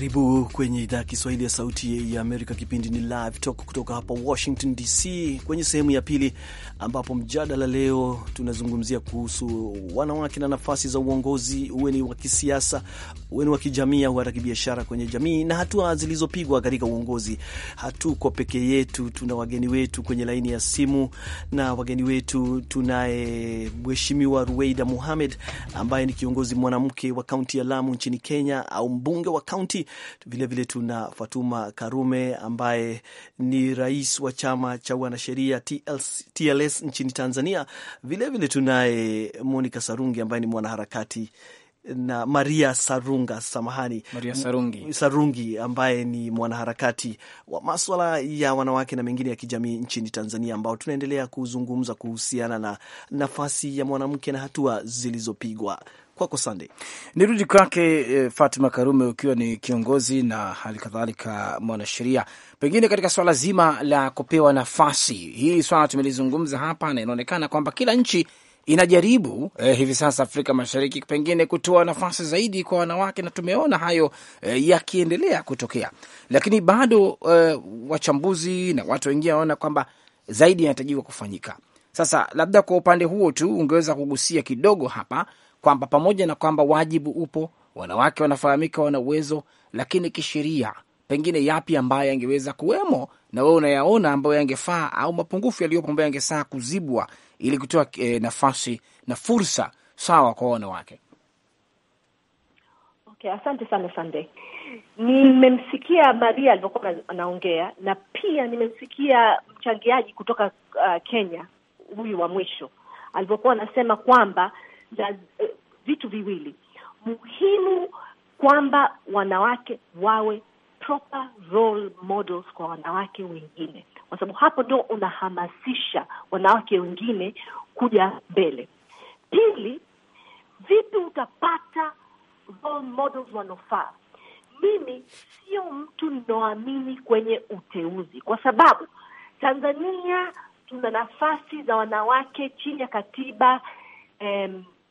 Karibu kwenye idhaa ya Kiswahili ya Sauti ya Amerika. Kipindi ni Live Talk kutoka hapa Washington DC, kwenye sehemu ya pili, ambapo mjadala leo tunazungumzia kuhusu wanawake na nafasi za uongozi, uwe ni wa kisiasa, uwe ni wa kijamii au hata kibiashara kwenye jamii na hatua zilizopigwa katika uongozi. Hatuko peke yetu, tuna wageni wetu kwenye laini ya simu, na wageni wetu tunaye Mheshimiwa Ruweida Muhamed ambaye ni kiongozi mwanamke wa kaunti ya Lamu nchini Kenya, au mbunge wa kaunti Vilevile tuna Fatuma Karume ambaye ni rais wa chama cha wanasheria TLS nchini Tanzania. Vilevile tunaye Monica Sarungi ambaye ni mwanaharakati na Maria Sarunga, samahani, Maria Sarungi. Sarungi ambaye ni mwanaharakati wa maswala ya wanawake na mengine ya kijamii nchini Tanzania, ambao tunaendelea kuzungumza kuhusiana na nafasi ya mwanamke na hatua zilizopigwa. Kwako Sunday. Nirudi kwake eh, Fatima Karume, ukiwa ni kiongozi na hali kadhalika mwanasheria, pengine katika swala zima la kupewa nafasi hii swala tumelizungumza hapa na inaonekana kwamba kila nchi inajaribu eh, hivi sasa Afrika Mashariki pengine kutoa nafasi zaidi kwa wanawake na tumeona hayo eh, yakiendelea kutokea, lakini bado eh, wachambuzi na watu wengine wanaona kwamba zaidi yanatajiwa kufanyika. Sasa labda kwa upande huo tu ungeweza kugusia kidogo hapa kwamba pamoja na kwamba wajibu upo, wanawake wanafahamika wana uwezo, lakini kisheria pengine yapi ambayo yangeweza kuwemo na wewe unayaona ambayo yangefaa au mapungufu yaliyopo ambayo yangesaa kuzibwa ili kutoa e, nafasi na fursa sawa kwa wanawake. Okay, asante sana Sande. Nimemsikia Maria alivyokuwa anaongea na pia nimemsikia mchangiaji kutoka uh, Kenya, huyu wa mwisho alivyokuwa anasema kwamba za eh, vitu viwili muhimu, kwamba wanawake wawe proper role models kwa wanawake wengine, kwa sababu hapo ndo unahamasisha wanawake wengine kuja mbele. Pili, vipi utapata role models wanaofaa? Mimi sio mtu ninaoamini kwenye uteuzi, kwa sababu Tanzania tuna nafasi za wanawake chini ya katiba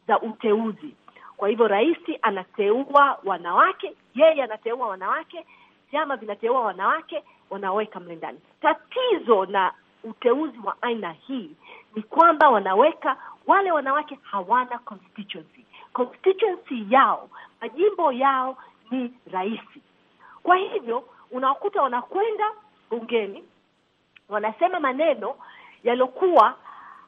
za uteuzi. Kwa hivyo rais anateua wanawake, yeye anateua wanawake, vyama vinateua wanawake, wanaweka mle ndani. Tatizo na uteuzi wa aina hii ni kwamba wanaweka wale wanawake hawana constituency. Constituency yao, majimbo yao ni rais. Kwa hivyo unawakuta wanakwenda bungeni wanasema maneno yaliyokuwa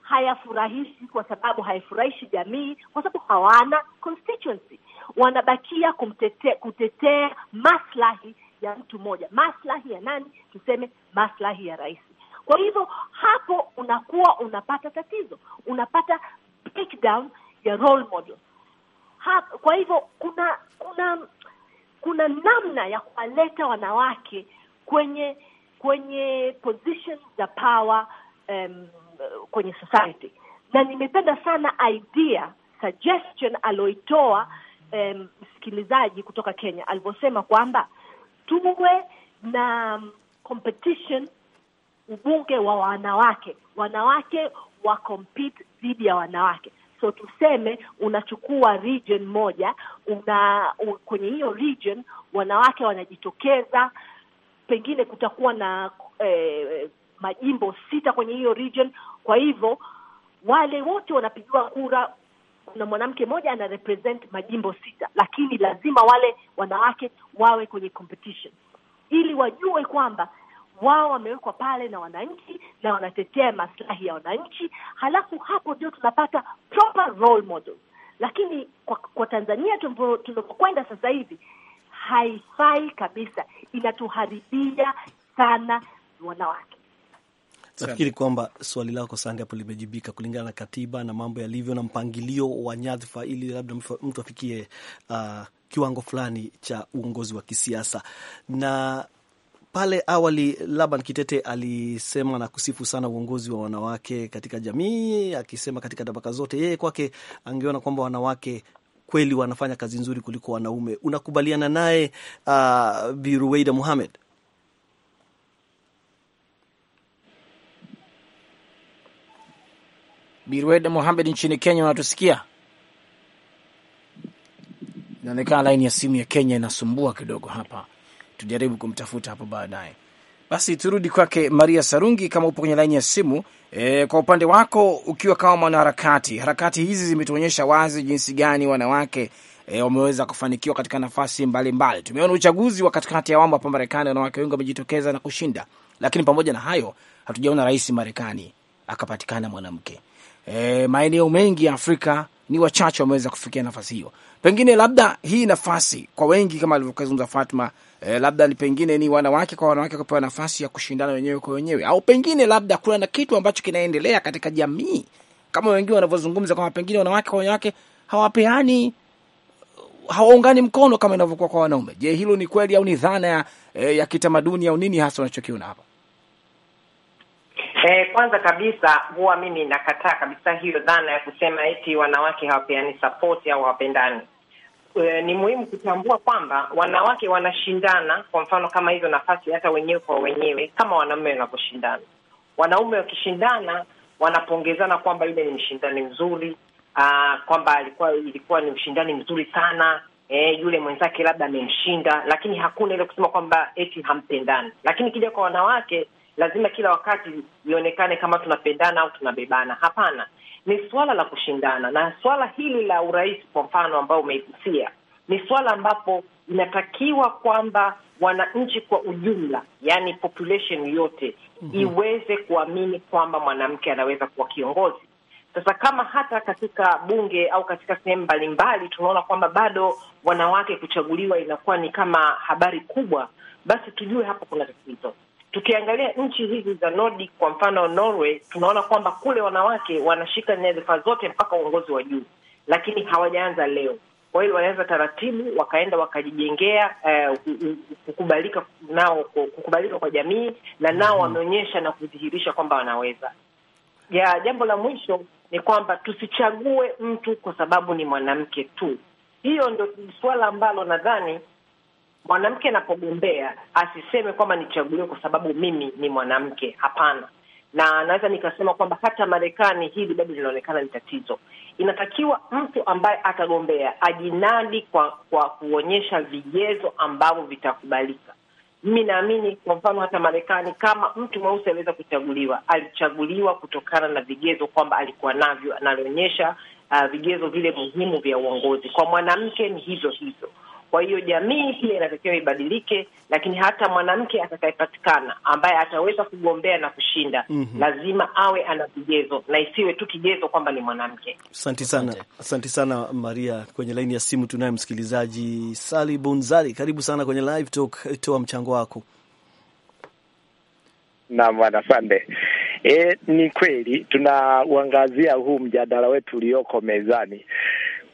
hayafurahishi, kwa sababu haifurahishi jamii, kwa sababu hawana constituency. Wanabakia kumtetea, kutetea maslahi ya mtu mmoja. Maslahi ya nani? Tuseme maslahi ya rais. Kwa hivyo hapo unakuwa unapata tatizo, unapata breakdown ya role model. Ha, kwa hivyo kuna kuna kuna namna ya kuwaleta wanawake kwenye kwenye position za power um, Eh, kwenye society, na nimependa sana idea suggestion aloitoa msikilizaji um, kutoka Kenya alivyosema kwamba tuwe na mm, competition ubunge wa wanawake, wanawake wa compete dhidi ya wanawake. So tuseme unachukua region moja, una kwenye hiyo region wanawake wanajitokeza, pengine kutakuwa na eh, majimbo sita kwenye hiyo region. Kwa hivyo wale wote wanapigiwa kura, kuna mwanamke mmoja ana represent majimbo sita, lakini lazima wale wanawake wawe kwenye competition ili wajue kwamba wao wamewekwa pale na wananchi na wanatetea maslahi ya wananchi. Halafu hapo ndio tunapata proper role model. Lakini kwa, kwa Tanzania tunavyokwenda sasa hivi haifai kabisa, inatuharibia sana wanawake. Nafikiri kwamba swali lako Sande hapo limejibika kulingana na katiba na mambo yalivyo na mpangilio wa nyadhifa, ili labda mtu afikie uh, kiwango fulani cha uongozi wa kisiasa na pale awali Laban Kitete alisema na kusifu sana uongozi wa wanawake katika jamii, akisema katika tabaka zote. Yeye kwake angeona kwamba wanawake kweli wanafanya kazi nzuri kuliko wanaume. Unakubaliana naye uh, Biruweida Muhamed? Birweda Mohamed nchini Kenya, unatusikia? Inaonekana laini ya simu ya Kenya inasumbua kidogo hapa, tujaribu kumtafuta hapo baadaye. Basi turudi kwake Maria Sarungi, kama upo kwenye laini ya simu. E, kwa upande wako ukiwa kama mwanaharakati, harakati hizi zimetuonyesha wazi jinsi gani wanawake e, wameweza kufanikiwa katika nafasi mbalimbali. Tumeona uchaguzi wa katikati ya awamu hapa Marekani, wanawake wengi wamejitokeza na kushinda, lakini pamoja na hayo hatujaona rais Marekani akapatikana mwanamke e, maeneo mengi ya Afrika ni wachache wameweza kufikia nafasi hiyo. Pengine labda hii nafasi kwa wengi kama alivyozungumza Fatma e, labda ni pengine ni wanawake kwa wanawake kupewa nafasi ya kushindana wenyewe kwa wenyewe, au pengine labda kuna na kitu ambacho kinaendelea katika jamii kama wengine wanavyozungumza kwamba pengine wanawake kwa wanawake hawapeani hawaungani mkono kama inavyokuwa kwa wanaume. Je, hilo ni kweli au ni dhana ya, e, ya kitamaduni au nini hasa unachokiona hapa? Eh, kwanza kabisa huwa mimi nakataa kabisa hiyo dhana ya kusema eti wanawake hawapeani sapoti au hawapendani. E, ni muhimu kutambua kwamba wanawake wanashindana, kwa mfano kama hizo nafasi, hata wenyewe kwa wenyewe, kama wanaume wanaposhindana. Wanaume wakishindana wanapongezana kwamba yule ni mshindani mzuri, aa, ah, kwamba alikuwa ilikuwa ni mshindani mzuri sana E, yule mwenzake labda amemshinda, lakini hakuna ile kusema kwamba eti hampendani. Lakini kija kwa wanawake lazima kila wakati ionekane kama tunapendana au tunabebana. Hapana, ni suala la kushindana, na suala hili la urais kwa mfano ambao umeigusia ni suala ambapo inatakiwa kwamba wananchi kwa ujumla, yani population yote mm -hmm. iweze kuamini kwamba mwanamke anaweza kuwa kiongozi. Sasa kama hata katika bunge au katika sehemu mbalimbali tunaona kwamba bado wanawake kuchaguliwa inakuwa ni kama habari kubwa, basi tujue hapo kuna tatizo. Tukiangalia nchi hizi za Nordic kwa mfano Norway, tunaona kwamba kule wanawake wanashika nyadhifa zote mpaka uongozi wa juu, lakini hawajaanza leo. Kwa hiyo walianza taratibu, wakaenda wakajijengea eh, kukubalika nao, kukubalika kwa jamii na nao mhm. wameonyesha na kudhihirisha kwamba wanaweza. Ya jambo la mwisho ni kwamba tusichague mtu kwa sababu ni mwanamke tu. Hiyo ndio suala ambalo nadhani mwanamke anapogombea asiseme kwamba nichaguliwe kwa sababu mimi ni mwanamke. Hapana, na naweza nikasema kwamba hata Marekani hili bado linaonekana ni tatizo. Inatakiwa mtu ambaye atagombea ajinadi kwa kwa kuonyesha vigezo ambavyo vitakubalika. Mimi naamini kwa mfano, hata Marekani, kama mtu mweusi aliweza kuchaguliwa, alichaguliwa kutokana na vigezo kwamba alikuwa navyo, analionyesha uh, vigezo vile muhimu vya uongozi. Kwa mwanamke ni hivyo hivyo. Kwa hiyo jamii pia inatakiwa ibadilike, lakini hata mwanamke atakayepatikana ambaye ataweza kugombea na kushinda mm -hmm. lazima awe ana vigezo na isiwe tu kigezo kwamba ni mwanamke. Asante sana, asante sana Maria. Kwenye laini ya simu tunaye msikilizaji Sali Bunzari, karibu sana kwenye Live Talk, eh, toa mchango wako. Naam bwana, asante. E, ni kweli tunauangazia huu mjadala wetu ulioko mezani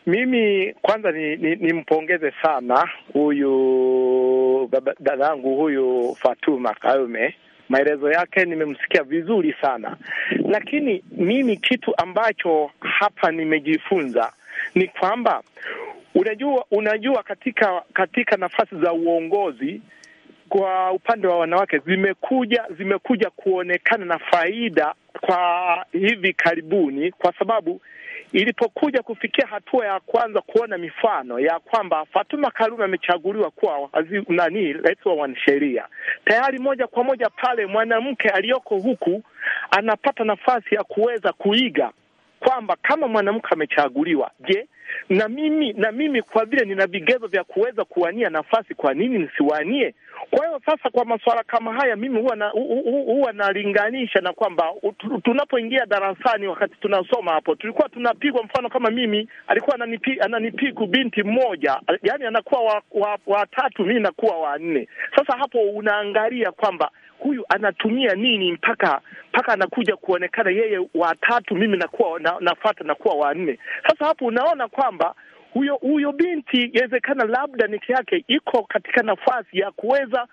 mimi kwanza nimpongeze ni, ni sana huyu dadangu huyu Fatuma Kaume, maelezo yake nimemsikia vizuri sana, lakini mimi kitu ambacho hapa nimejifunza ni kwamba unajua, unajua katika katika nafasi za uongozi kwa upande wa wanawake zimekuja zimekuja kuonekana na faida kwa hivi karibuni, kwa sababu ilipokuja kufikia hatua ya kwanza kuona mifano ya kwamba Fatuma Karume amechaguliwa kuwa nani rais wa wanasheria, tayari moja kwa moja pale mwanamke aliyoko huku anapata nafasi ya kuweza kuiga kwamba kama mwanamke amechaguliwa, je, na mimi na mimi kwa vile nina vigezo vya kuweza kuwania nafasi, kwa nini nisiwanie? Kwa hiyo sasa, kwa masuala kama haya mimi huwa na, huwa nalinganisha na kwamba tunapoingia darasani, wakati tunasoma hapo, tulikuwa tunapigwa. Mfano kama mimi alikuwa ananipi, ananipiku binti mmoja, yani anakuwa wa, wa, wa tatu, mimi nakuwa wa nne. Sasa hapo unaangalia kwamba huyu anatumia nini mpaka mpaka anakuja kuonekana yeye watatu, mimi nakuwa na, nafata nakuwa wa nne. Sasa hapo unaona kwamba huyo huyo binti yawezekana labda niki yake iko katika nafasi ya kuweza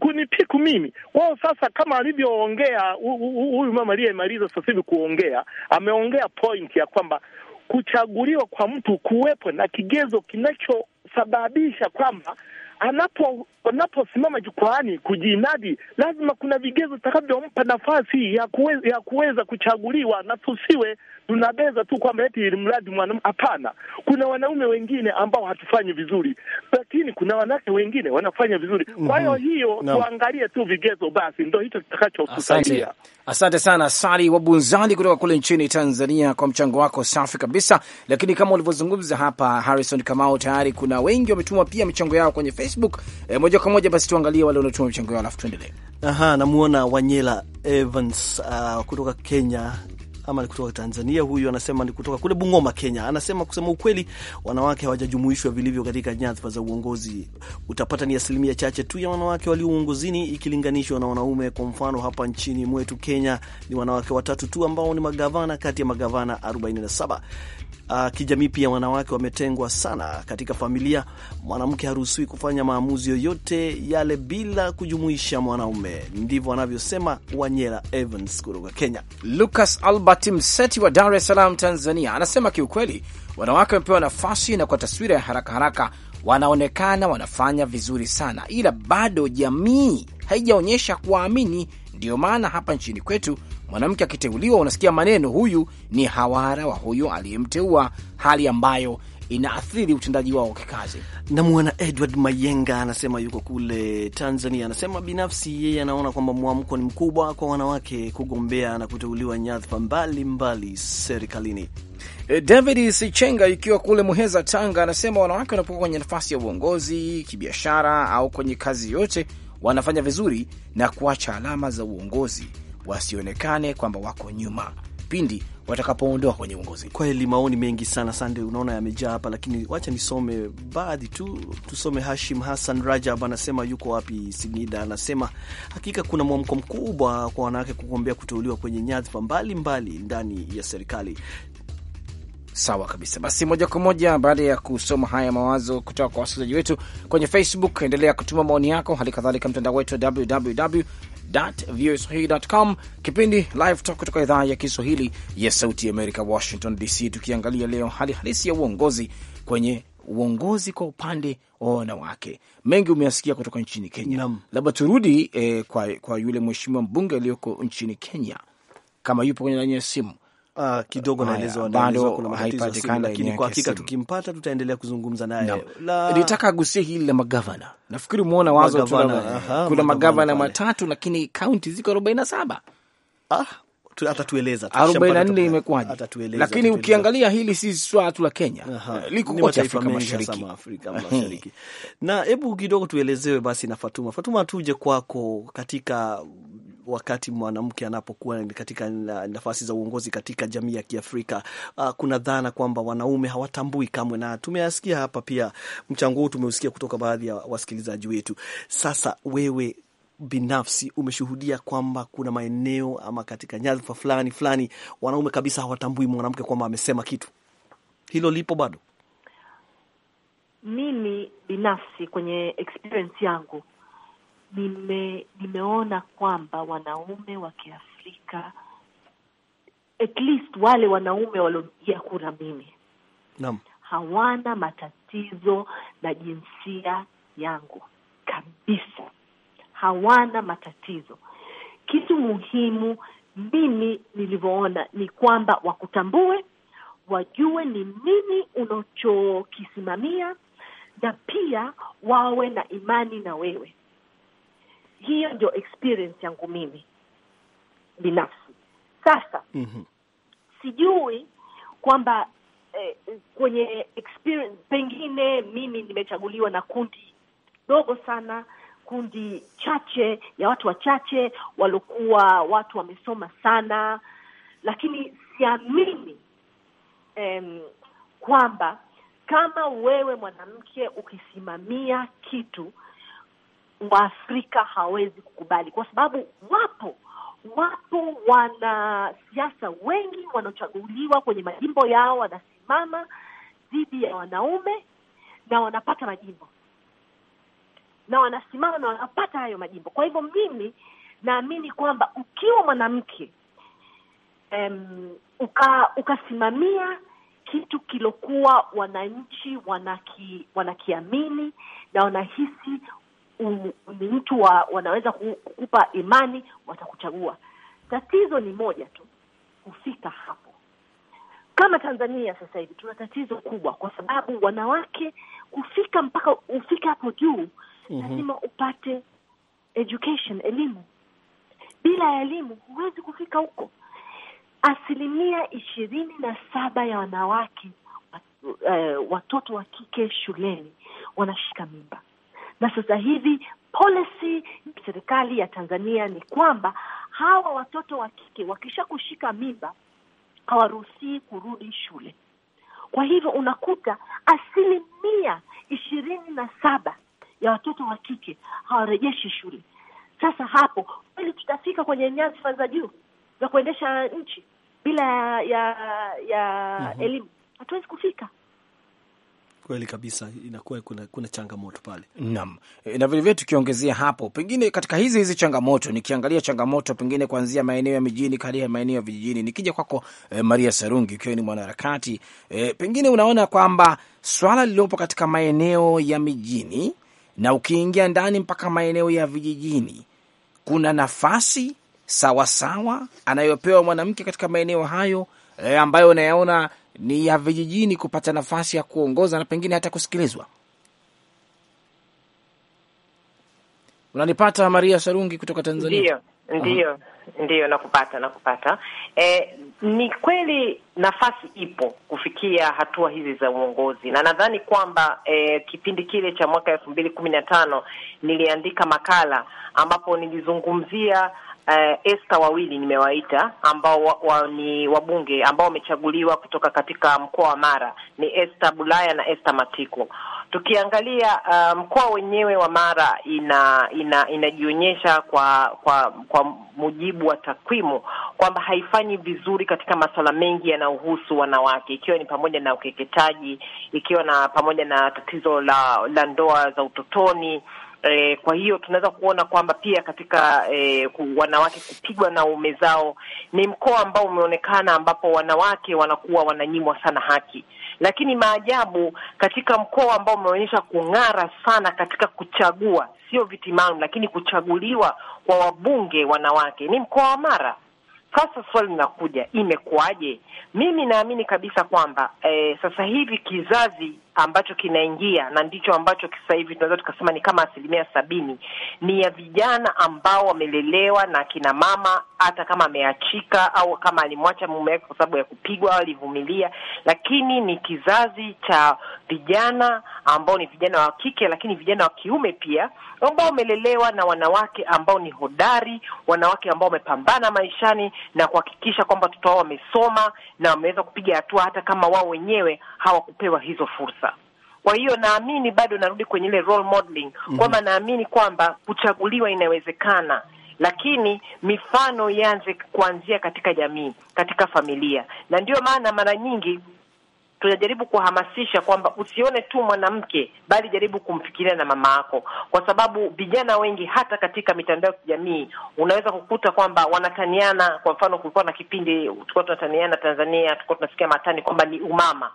kunipiku mimi kwao. Sasa kama alivyoongea huyu mama aliyemaliza sasa hivi kuongea, ameongea point ya kwamba kuchaguliwa kwa mtu kuwepo na kigezo kinachosababisha kwamba anapo anaposimama jukwaani kujinadi, lazima kuna vigezo takavyompa nafasi ya kuweza, ya kuweza kuchaguliwa na tusiwe tunabeza tu kwamba eti mradi mwanamke. Hapana, kuna wanaume wengine ambao hatufanyi vizuri, lakini kuna wanawake wengine wanafanya vizuri. Kwa hiyo mhm. hiyo, tuangalie tu vigezo basi, ndo hicho kitakachotusaidia. Asante. sana Sali Wabunzali kutoka kule nchini Tanzania kwa mchango wako safi kabisa. Lakini kama ulivyozungumza hapa, Harrison Kamau, tayari kuna wengi wametuma pia michango yao kwenye Facebook. E, moja kwa moja basi tuangalie wale wanaotuma michango yao alafu tuendelee. Aha, namuona Wanyela Evans uh, kutoka Kenya ama ni kutoka Tanzania. Huyu anasema ni kutoka kule Bungoma, Kenya. Anasema kusema ukweli, wanawake hawajajumuishwa vilivyo katika nyadhifa za uongozi. Utapata ni asilimia chache tu ya wanawake walio uongozini ikilinganishwa na wanaume. Kwa mfano hapa nchini mwetu Kenya ni wanawake watatu tu ambao ni magavana kati ya magavana 47 uh, kijamii pia wanawake wametengwa sana katika familia. Mwanamke haruhusiwi kufanya maamuzi yoyote yale bila kujumuisha mwanaume, ndivyo anavyosema Wanyela Evans kutoka Kenya. Lucas Albert Mseti wa Dar es Salaam, Tanzania, anasema kiukweli wanawake wamepewa nafasi na kwa taswira ya haraka haraka wanaonekana wanafanya vizuri sana, ila bado jamii haijaonyesha kuwaamini. Ndiyo maana hapa nchini kwetu mwanamke akiteuliwa, unasikia maneno, huyu ni hawara wa huyu aliyemteua, hali ambayo inaathiri utendaji wao wa kikazi. Namwona Edward Mayenga anasema yuko kule Tanzania, anasema binafsi yeye anaona kwamba mwamko ni mkubwa kwa wanawake kugombea na kuteuliwa nyadhifa mbalimbali serikalini. Eh, David Sichenga ikiwa kule Muheza, Tanga, anasema wanawake wanapokuwa kwenye nafasi ya uongozi kibiashara au kwenye kazi yoyote wanafanya vizuri na kuacha alama za uongozi wasionekane kwamba wako nyuma pindi watakapoondoa kwenye uongozi. Kweli maoni mengi sana Sande, unaona yamejaa hapa, lakini wacha nisome baadhi tu. Tusome Hashim Hassan Rajab anasema, yuko wapi Singida, anasema hakika kuna mwamko mkubwa kwa wanawake kugombea kuteuliwa kwenye nyadhifa mbalimbali ndani ya serikali. Sawa kabisa. Basi moja kwa moja baada ya kusoma haya mawazo kutoka kwa wasikilizaji wetu kwenye Facebook, endelea kutuma maoni yako, hali kadhalika mtandao wetu wa www voaswahili.com, kipindi Live Talk kutoka idhaa ya Kiswahili ya Sauti Amerika, Washington DC, tukiangalia leo hali halisi ya uongozi kwenye uongozi kwa upande wa wanawake. Mengi umeasikia kutoka nchini Kenya. Labda turudi eh, kwa, kwa yule mheshimiwa mbunge aliyoko nchini Kenya, kama yupo kwenye laini ya simu Uh, kidogo naelezwa bado haipatikana, lakini kwa hakika tukimpata tutaendelea kuzungumza naye. no. La... Nilitaka agusie hili la magavana, nafikiri umeona wazo tu, kuna magavana matatu lakini kaunti ziko arobaini na saba ah, atatueleza arobaini na nne imekwaje, lakini ukiangalia hili si swala tu la Kenya, eh, liko kote Afrika Mashariki, Afrika Mashariki. Na hebu kidogo tuelezewe basi na Fatuma. Fatuma, tuje kwako katika wakati mwanamke anapokuwa katika nafasi za uongozi katika jamii ya Kiafrika, uh, kuna dhana kwamba wanaume hawatambui kamwe, na tumeasikia hapa pia, mchango huu tumeusikia kutoka baadhi ya wasikilizaji wetu. Sasa wewe binafsi umeshuhudia kwamba kuna maeneo ama katika nyadhifa fulani fulani wanaume kabisa hawatambui mwanamke kwamba amesema kitu, hilo lipo bado? Mimi binafsi kwenye experience yangu nime, nimeona kwamba wanaume wa Kiafrika at least wale wanaume waliopigia kura mimi, naam, hawana matatizo na jinsia yangu kabisa, hawana matatizo. Kitu muhimu mimi nilivyoona ni kwamba wakutambue, wajue ni nini unachokisimamia, na pia wawe na imani na wewe hiyo ndio experience yangu mimi binafsi. Sasa mm -hmm. sijui kwamba eh, kwenye experience pengine mimi nimechaguliwa na kundi dogo sana, kundi chache ya watu wachache waliokuwa watu wamesoma sana, lakini siamini em, kwamba kama wewe mwanamke ukisimamia kitu Waafrika hawezi kukubali, kwa sababu wapo wapo wanasiasa wengi wanaochaguliwa kwenye majimbo yao, wanasimama dhidi ya wanaume na wanapata majimbo na wanasimama na wanapata hayo majimbo. Kwa hivyo mimi naamini kwamba ukiwa mwanamke um, uka, ukasimamia kitu kilokuwa wananchi wanaki, wanakiamini na wanahisi ni mtu wa, wanaweza kukupa imani, watakuchagua. Tatizo ni moja tu, kufika hapo. Kama Tanzania sasa hivi tuna tatizo kubwa, kwa sababu wanawake kufika mpaka ufike hapo juu mhm. lazima mm -hmm. upate education, elimu. Bila elimu huwezi kufika huko. Asilimia ishirini na saba ya wanawake eh, watoto wa kike shuleni wanashika mimba na sasa hivi policy serikali ya Tanzania ni kwamba hawa watoto wa kike wakisha kushika mimba hawaruhusii kurudi shule. Kwa hivyo unakuta asilimia ishirini na saba ya watoto wa kike hawarejeshi shule. Sasa hapo kweli tutafika kwenye nyadhifa za juu za kuendesha nchi bila ya ya mhm. elimu? Hatuwezi kufika kweli kabisa inakuwa kuna, kuna changamoto pale. nam e, na vilevile tukiongezea hapo, pengine katika hizi hizi changamoto, nikiangalia changamoto pengine kuanzia maeneo ya mijini hadi maeneo ya vijijini, nikija kwako eh, Maria Sarungi, ukiwa ni mwanaharakati eh, pengine unaona kwamba swala lililopo katika maeneo ya mijini na ukiingia ndani mpaka maeneo ya vijijini, kuna nafasi sawasawa anayopewa mwanamke katika maeneo hayo eh, ambayo unayaona ni ya vijijini kupata nafasi ya kuongoza na pengine hata kusikilizwa. Unanipata Maria Sarungi kutoka Tanzania? Ndiyo, ndiyo, ndiyo, nakupata nakupata. E, ni kweli nafasi ipo kufikia hatua hizi za uongozi, na nadhani kwamba e, kipindi kile cha mwaka elfu mbili kumi na tano niliandika makala ambapo nilizungumzia Uh, Esther wawili nimewaita ambao wa, wa, ni wabunge ambao wamechaguliwa kutoka katika mkoa wa Mara ni Esther Bulaya na Esther Matiko. Tukiangalia uh, mkoa wenyewe wa Mara ina, ina inajionyesha kwa kwa kwa mujibu wa takwimu kwamba haifanyi vizuri katika masuala mengi yanayohusu wanawake, ikiwa ni pamoja na ukeketaji, ikiwa na pamoja na tatizo la la ndoa za utotoni E, kwa hiyo tunaweza kuona kwamba pia katika e, wanawake kupigwa na ume zao ni mkoa ambao umeonekana ambapo wanawake wanakuwa wananyimwa sana haki, lakini maajabu katika mkoa ambao umeonyesha kung'ara sana katika kuchagua, sio viti maalum, lakini kuchaguliwa kwa wabunge wanawake ni mkoa wa Mara. Sasa swali linakuja, imekuwaje? Mimi naamini kabisa kwamba e, sasa hivi kizazi ambacho kinaingia na ndicho ambacho sasa hivi tunaweza tukasema ni kama asilimia sabini ni ya vijana ambao wamelelewa na kina mama, hata kama ameachika au kama alimwacha mume wake kwa sababu ya kupigwa au alivumilia, lakini ni kizazi cha vijana ambao ni vijana wa kike, lakini vijana wa kiume pia ambao wamelelewa na wanawake ambao ni hodari, wanawake ambao wamepambana maishani na kuhakikisha kwamba watoto wao wamesoma na wameweza kupiga hatua, hata kama wao wenyewe hawakupewa hizo fursa. Kwa hiyo naamini bado narudi kwenye ile role modeling mm -hmm. naamini kwamba kuchaguliwa inawezekana, lakini mifano ianze kuanzia katika jamii, katika familia, na ndio maana mara nyingi tunajaribu kuhamasisha kwamba usione tu mwanamke, bali jaribu kumfikiria na mama yako, kwa sababu vijana wengi hata katika mitandao ya kijamii unaweza kukuta kwamba wanataniana. Kwa mfano, kulikuwa na kipindi tulikuwa tunataniana Tanzania, tulikuwa tunasikia matani kwamba ni umama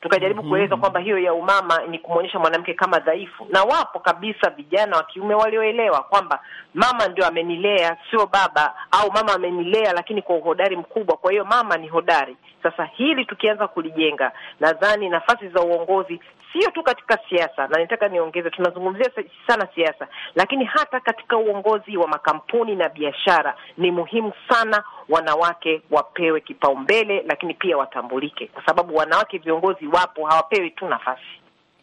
tukajaribu mm -hmm. kueleza kwamba hiyo ya umama ni kumwonyesha mwanamke kama dhaifu, na wapo kabisa vijana wa kiume walioelewa kwamba mama ndio amenilea, sio baba, au mama amenilea lakini kwa uhodari mkubwa, kwa hiyo mama ni hodari sasa hili tukianza kulijenga, nadhani nafasi za uongozi sio tu katika siasa, na nitaka niongeze, tunazungumzia sana siasa, lakini hata katika uongozi wa makampuni na biashara ni muhimu sana wanawake wapewe kipaumbele, lakini pia watambulike, kwa sababu wanawake viongozi wapo, hawapewi tu nafasi.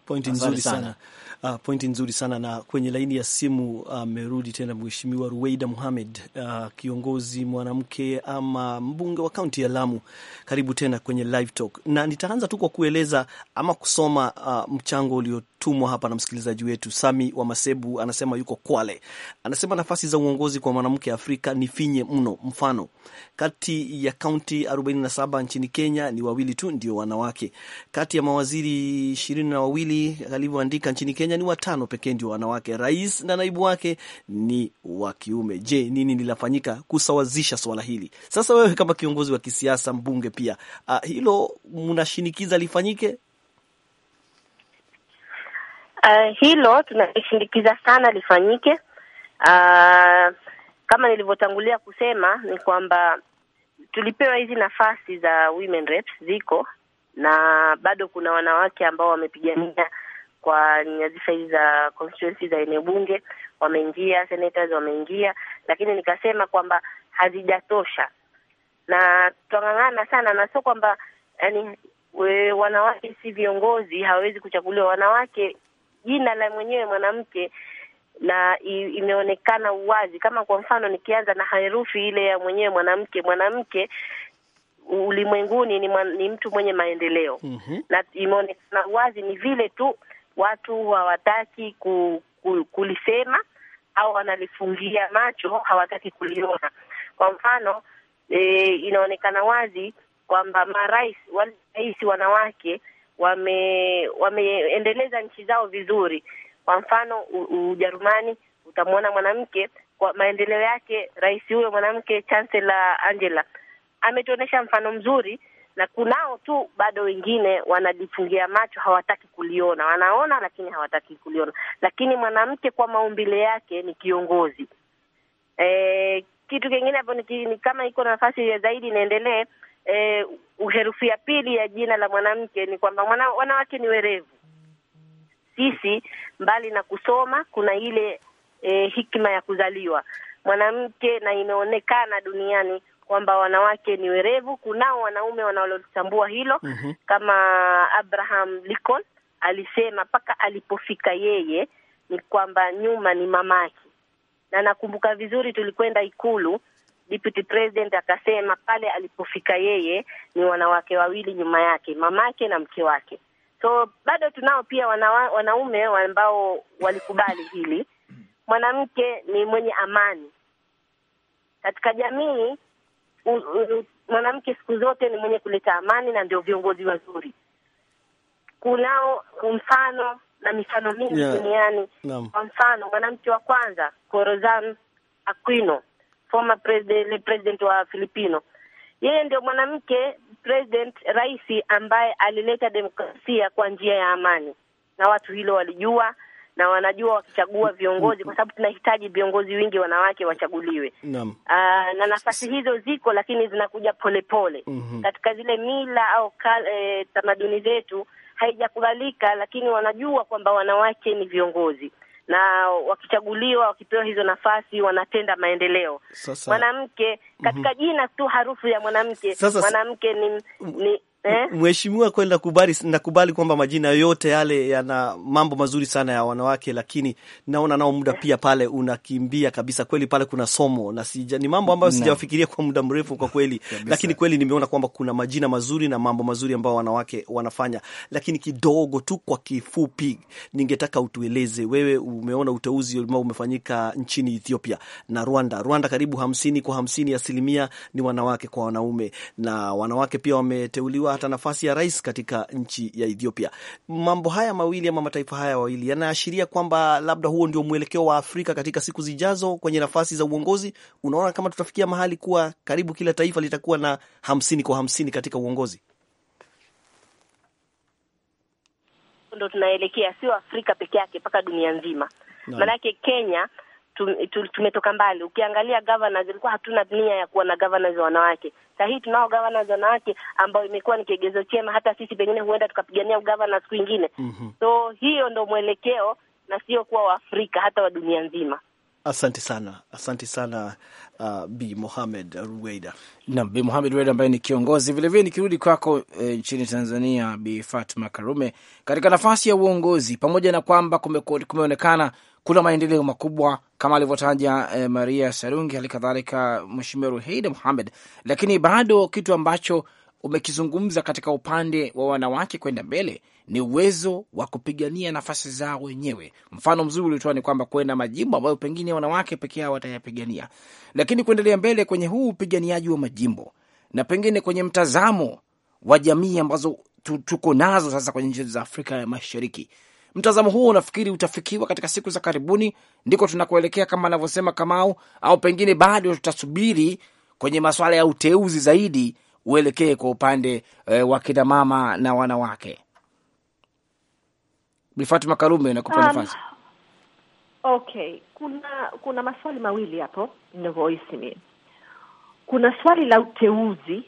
Pointi nzuri sana, sana. Uh, pointi nzuri sana na kwenye laini ya simu amerudi ah, uh, tena Mheshimiwa Ruweida Muhamed uh, ah, kiongozi mwanamke ama mbunge wa kaunti ya Lamu. Karibu tena kwenye live talk, na nitaanza tu kwa kueleza ama kusoma uh, mchango ulio tumwa hapa na msikilizaji wetu Sami wa Masebu, anasema yuko Kwale. Anasema nafasi za uongozi kwa mwanamke Afrika ni finye mno. Mfano, kati ya kaunti 47 nchini Kenya ni wawili tu ndio wanawake. Kati ya mawaziri ishirini na wawili alivyoandika nchini Kenya ni watano pekee ndio wanawake. Rais na naibu wake ni wa kiume. Je, nini linafanyika kusawazisha swala hili? Sasa wewe kama kiongozi wa kisiasa, mbunge pia, uh, hilo mnashinikiza lifanyike Uh, hilo tunalishindikiza sana lifanyike. Uh, kama nilivyotangulia kusema ni kwamba tulipewa hizi nafasi za women reps ziko na bado kuna wanawake ambao wamepigania kwa nyadhifa hizi za constituency za eneo bunge, wameingia senators, wameingia, lakini nikasema kwamba hazijatosha na twang'ang'ana sana, na sio kwamba yani wanawake si viongozi, hawawezi kuchaguliwa. Wanawake jina la mwenyewe mwanamke na imeonekana uwazi. Kama kwa mfano nikianza na herufi ile ya mwenyewe mwanamke, mwanamke ulimwenguni ni, ni mtu mwenye maendeleo mm -hmm. na imeonekana wazi, ni vile tu watu hawataki ku, ku, kulisema au wanalifungia macho, hawataki kuliona. Kwa mfano e, inaonekana wazi kwamba marais wale rais wanawake wame wameendeleza nchi zao vizuri. Kwa mfano Ujerumani, utamwona mwanamke kwa maendeleo yake, rais huyo mwanamke Chancellor Angela ametuonyesha mfano mzuri, na kunao tu bado wengine wanajifungia macho, hawataki kuliona. Wanaona lakini hawataki kuliona, lakini mwanamke kwa maumbile yake ni kiongozi. E, kitu kingine hapo ni kama iko na nafasi zaidi, inaendelee eh, herufi ya pili ya jina la mwanamke ni kwamba mwana, wanawake ni werevu. Sisi mbali na kusoma kuna ile eh, hikima ya kuzaliwa mwanamke, na imeonekana duniani kwamba wanawake ni werevu. Kunao wanaume wanalotambua hilo mm -hmm. Kama Abraham Lincoln alisema mpaka alipofika yeye ni kwamba nyuma ni mamake, na nakumbuka vizuri tulikwenda Ikulu deputy president akasema pale alipofika yeye ni wanawake wawili nyuma yake, mamake na mke wake. So bado tunao pia wanawa, wanaume ambao walikubali hili. Mwanamke ni mwenye amani katika jamii. Mwanamke siku zote ni mwenye kuleta amani na ndio viongozi wazuri. Kunao mfano na mifano mingi duniani yeah. Kwa mfano mwanamke wa kwanza Corazon Aquino former president, president wa Filipino. Yeye ndio mwanamke president rais ambaye alileta demokrasia kwa njia ya amani, na watu hilo walijua na wanajua wakichagua viongozi, kwa sababu tunahitaji viongozi wengi wanawake wachaguliwe. Naam. Aa, ah, na nafasi hizo ziko, lakini zinakuja polepole pole. Mm -hmm. Katika zile mila au e, tamaduni zetu haijakubalika, lakini wanajua kwamba wanawake ni viongozi na wakichaguliwa, wakipewa hizo nafasi, wanatenda maendeleo. Sasa mwanamke katika mm -hmm. jina tu, harufu ya mwanamke, mwanamke ni, ni eh? Mheshimiwa, kweli nakubali, nakubali kwamba majina yote yale yana mambo mazuri sana ya wanawake, lakini naona nao muda pia pale unakimbia kabisa. Kweli pale kuna somo na sija, ni mambo ambayo sijafikiria kwa muda mrefu kwa kweli kabisa. Lakini kweli nimeona kwamba kuna majina mazuri na mambo mazuri ambayo wanawake wanafanya, lakini kidogo tu kwa kifupi, ningetaka utueleze wewe, umeona uteuzi ambao umefanyika nchini Ethiopia na Rwanda. Rwanda karibu hamsini kwa hamsini asilimia ni wanawake kwa wanaume, na wanawake pia wameteuliwa hata nafasi ya rais katika nchi ya Ethiopia. Mambo haya mawili ama mataifa haya mawili yanaashiria kwamba labda huo ndio mwelekeo wa Afrika katika siku zijazo kwenye nafasi za uongozi. Unaona kama tutafikia mahali kuwa karibu kila taifa litakuwa na hamsini kwa hamsini katika uongozi. Ndo tunaelekea sio Afrika peke yake, mpaka dunia nzima no. Maanake Kenya tumetoka mbali. Ukiangalia governors, ilikuwa hatuna nia ya kuwa na governors wanawake, hii tunao gavana wanawake ambayo imekuwa ni kigezo chema, hata sisi pengine huenda tukapigania ugavana siku ingine. mm -hmm. So hiyo ndo mwelekeo na sio kuwa Waafrika hata wa dunia nzima. Asante sana, asante sana uh, Bi Mohamed Rueda. Naam, Bi Mohamed Rueda ambaye ni kiongozi vilevile. Nikirudi kwako e, nchini Tanzania, Bi Fatma Karume, katika nafasi ya uongozi, pamoja na kwamba kumeonekana kuna maendeleo makubwa kama alivyotaja eh, Maria Sarungi, hali kadhalika Mheshimiwa Ruheida Muhamed. Lakini bado kitu ambacho umekizungumza katika upande wa wanawake kwenda mbele ni uwezo wa kupigania nafasi zao wenyewe. Mfano mzuri ulitoa ni kwamba kwenda majimbo ambayo pengine wanawake peke yao watayapigania, lakini kuendelea mbele kwenye huu upiganiaji wa majimbo na pengine kwenye mtazamo wa jamii ambazo tuko nazo sasa kwenye nchi za Afrika ya Mashariki Mtazamo huo unafikiri utafikiwa katika siku za karibuni, ndiko tunakuelekea kama anavyosema Kamau, au pengine bado tutasubiri kwenye masuala ya uteuzi zaidi uelekee kwa upande e, wa kinamama na wanawake? Bi Karume, nakupa um, nafasi. okay, kuna kuna maswali mawili hapo nivyohisi. Kuna swali la uteuzi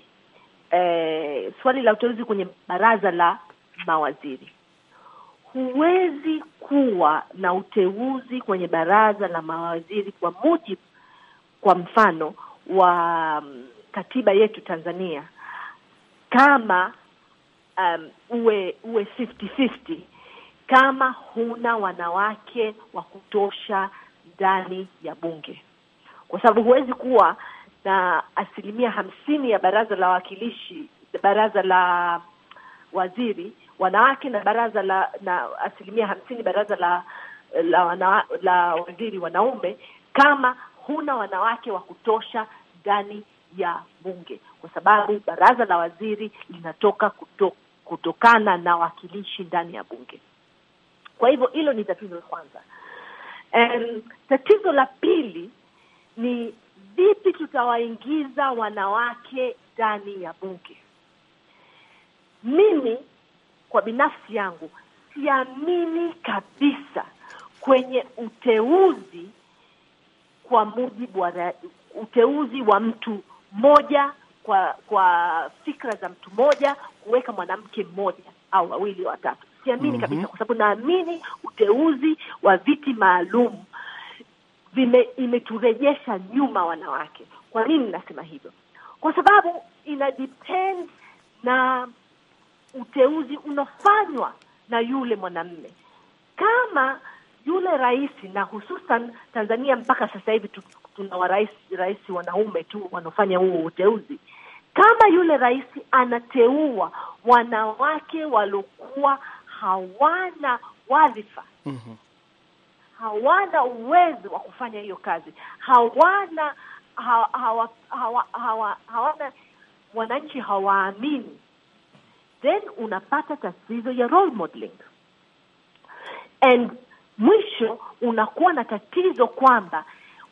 eh, swali la uteuzi kwenye baraza la mawaziri huwezi kuwa na uteuzi kwenye baraza la mawaziri kwa mujibu, kwa mfano wa mm, katiba yetu Tanzania, kama um, uwe uwe 50-50 kama huna wanawake wa kutosha ndani ya bunge, kwa sababu huwezi kuwa na asilimia hamsini ya baraza la wawakilishi, baraza la waziri wanawake na baraza la na asilimia hamsini baraza la la, wana, la waziri wanaume, kama huna wanawake wa kutosha ndani ya bunge, kwa sababu baraza la waziri linatoka kuto, kutokana na wakilishi ndani ya bunge. Kwa hivyo hilo ni tatizo la kwanza. Um, tatizo la pili ni vipi tutawaingiza wanawake ndani ya bunge. Mimi kwa binafsi yangu siamini kabisa kwenye uteuzi kwa mujibu wa uteuzi wa mtu mmoja kwa kwa fikra za mtu mmoja kuweka mwanamke mmoja au wawili watatu, siamini mm -hmm. kabisa, kwa sababu naamini uteuzi wa viti maalum imeturejesha nyuma wanawake. Kwa nini nasema hivyo? Kwa sababu ina depend na uteuzi unafanywa na yule mwanamme. Kama yule rais, na hususan Tanzania mpaka sasa hivi tuna warais rais wanaume tu wanaofanya huo uteuzi. Kama yule rais anateua wanawake waliokuwa hawana wadhifa mm -hmm. hawana uwezo wa kufanya hiyo kazi, hawana hawa, hawa, hawa, hawa, hawana wananchi hawaamini then unapata tatizo ya role modeling and mwisho unakuwa na tatizo kwamba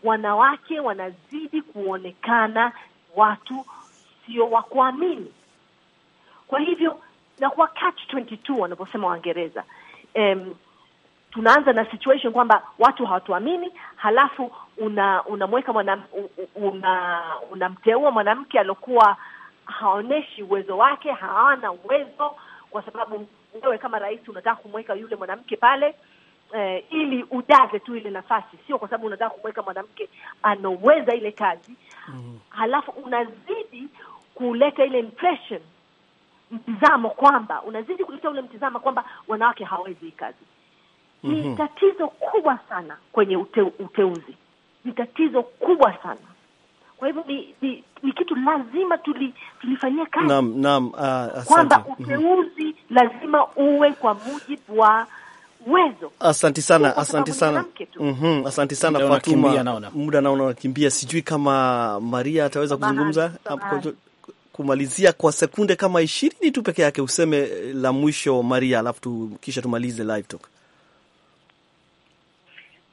wanawake wanazidi kuonekana watu sio wa kuamini. Kwa hivyo na kwa catch 22 wanaposema Waingereza, um, tunaanza na situation kwamba watu hawatuamini, halafu unamweka una unamteua una mwanamke aliokuwa haonyeshi uwezo wake, haana uwezo, kwa sababu wewe kama rais unataka kumweka yule mwanamke pale eh, ili ujaze tu ile nafasi, sio kwa sababu unataka kumweka mwanamke anaweza ile kazi mm -hmm. Halafu unazidi kuleta ile impression mtizamo kwamba unazidi kuleta ule mtizamo kwamba wanawake hawawezi hii kazi. Ni mm -hmm. tatizo kubwa sana kwenye ute, uteuzi, ni tatizo kubwa sana. Kwa hivyo ni, ni, ni kitu lazima tuli, tulifanyia kazi naam, naam, uh, kwamba mhm. uteuzi lazima uwe kwa mujibu wa uwezo. Asanti sana, asanti sana, mhm, Asanti sana Fatuma. Muda naona unakimbia, sijui kama Maria ataweza kuzungumza ah, kumalizia kwa sekunde kama ishirini tu peke yake, useme eh, la mwisho Maria, alafu kisha tumalize live talk.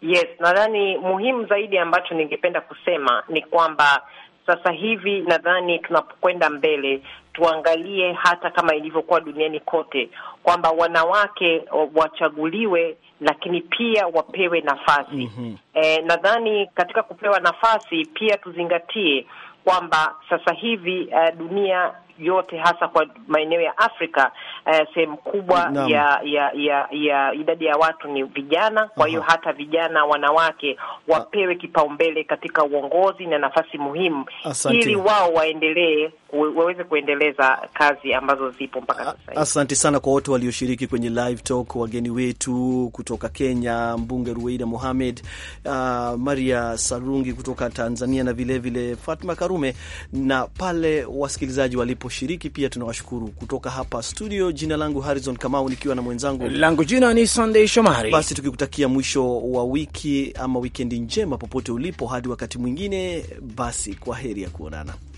Yes, nadhani muhimu zaidi ambacho ningependa kusema ni kwamba sasa hivi nadhani tunapokwenda mbele tuangalie hata kama ilivyokuwa duniani kote kwamba wanawake wachaguliwe, lakini pia wapewe nafasi mm -hmm. E, nadhani katika kupewa nafasi pia tuzingatie kwamba sasa hivi uh, dunia yote, hasa kwa maeneo ya Afrika eh, sehemu kubwa no. ya, ya ya ya idadi ya watu ni vijana. Kwa hiyo hata vijana wanawake wapewe kipaumbele katika uongozi na nafasi muhimu, ili wao waendelee waweze kuendeleza kazi ambazo zipo mpaka sasa hivi. Asante sana kwa wote walioshiriki kwenye live talk, wageni wetu kutoka Kenya, mbunge Ruweida Mohamed, uh, Maria Sarungi kutoka Tanzania na vilevile vile Fatma Karume na pale wasikilizaji walipo kushiriki. Pia tunawashukuru kutoka hapa studio. Jina langu Harrison Kamau, nikiwa na mwenzangu langu jina ni Sunday Shomari. Basi tukikutakia mwisho wa wiki ama wikendi njema popote ulipo, hadi wakati mwingine, basi kwa heri ya kuonana.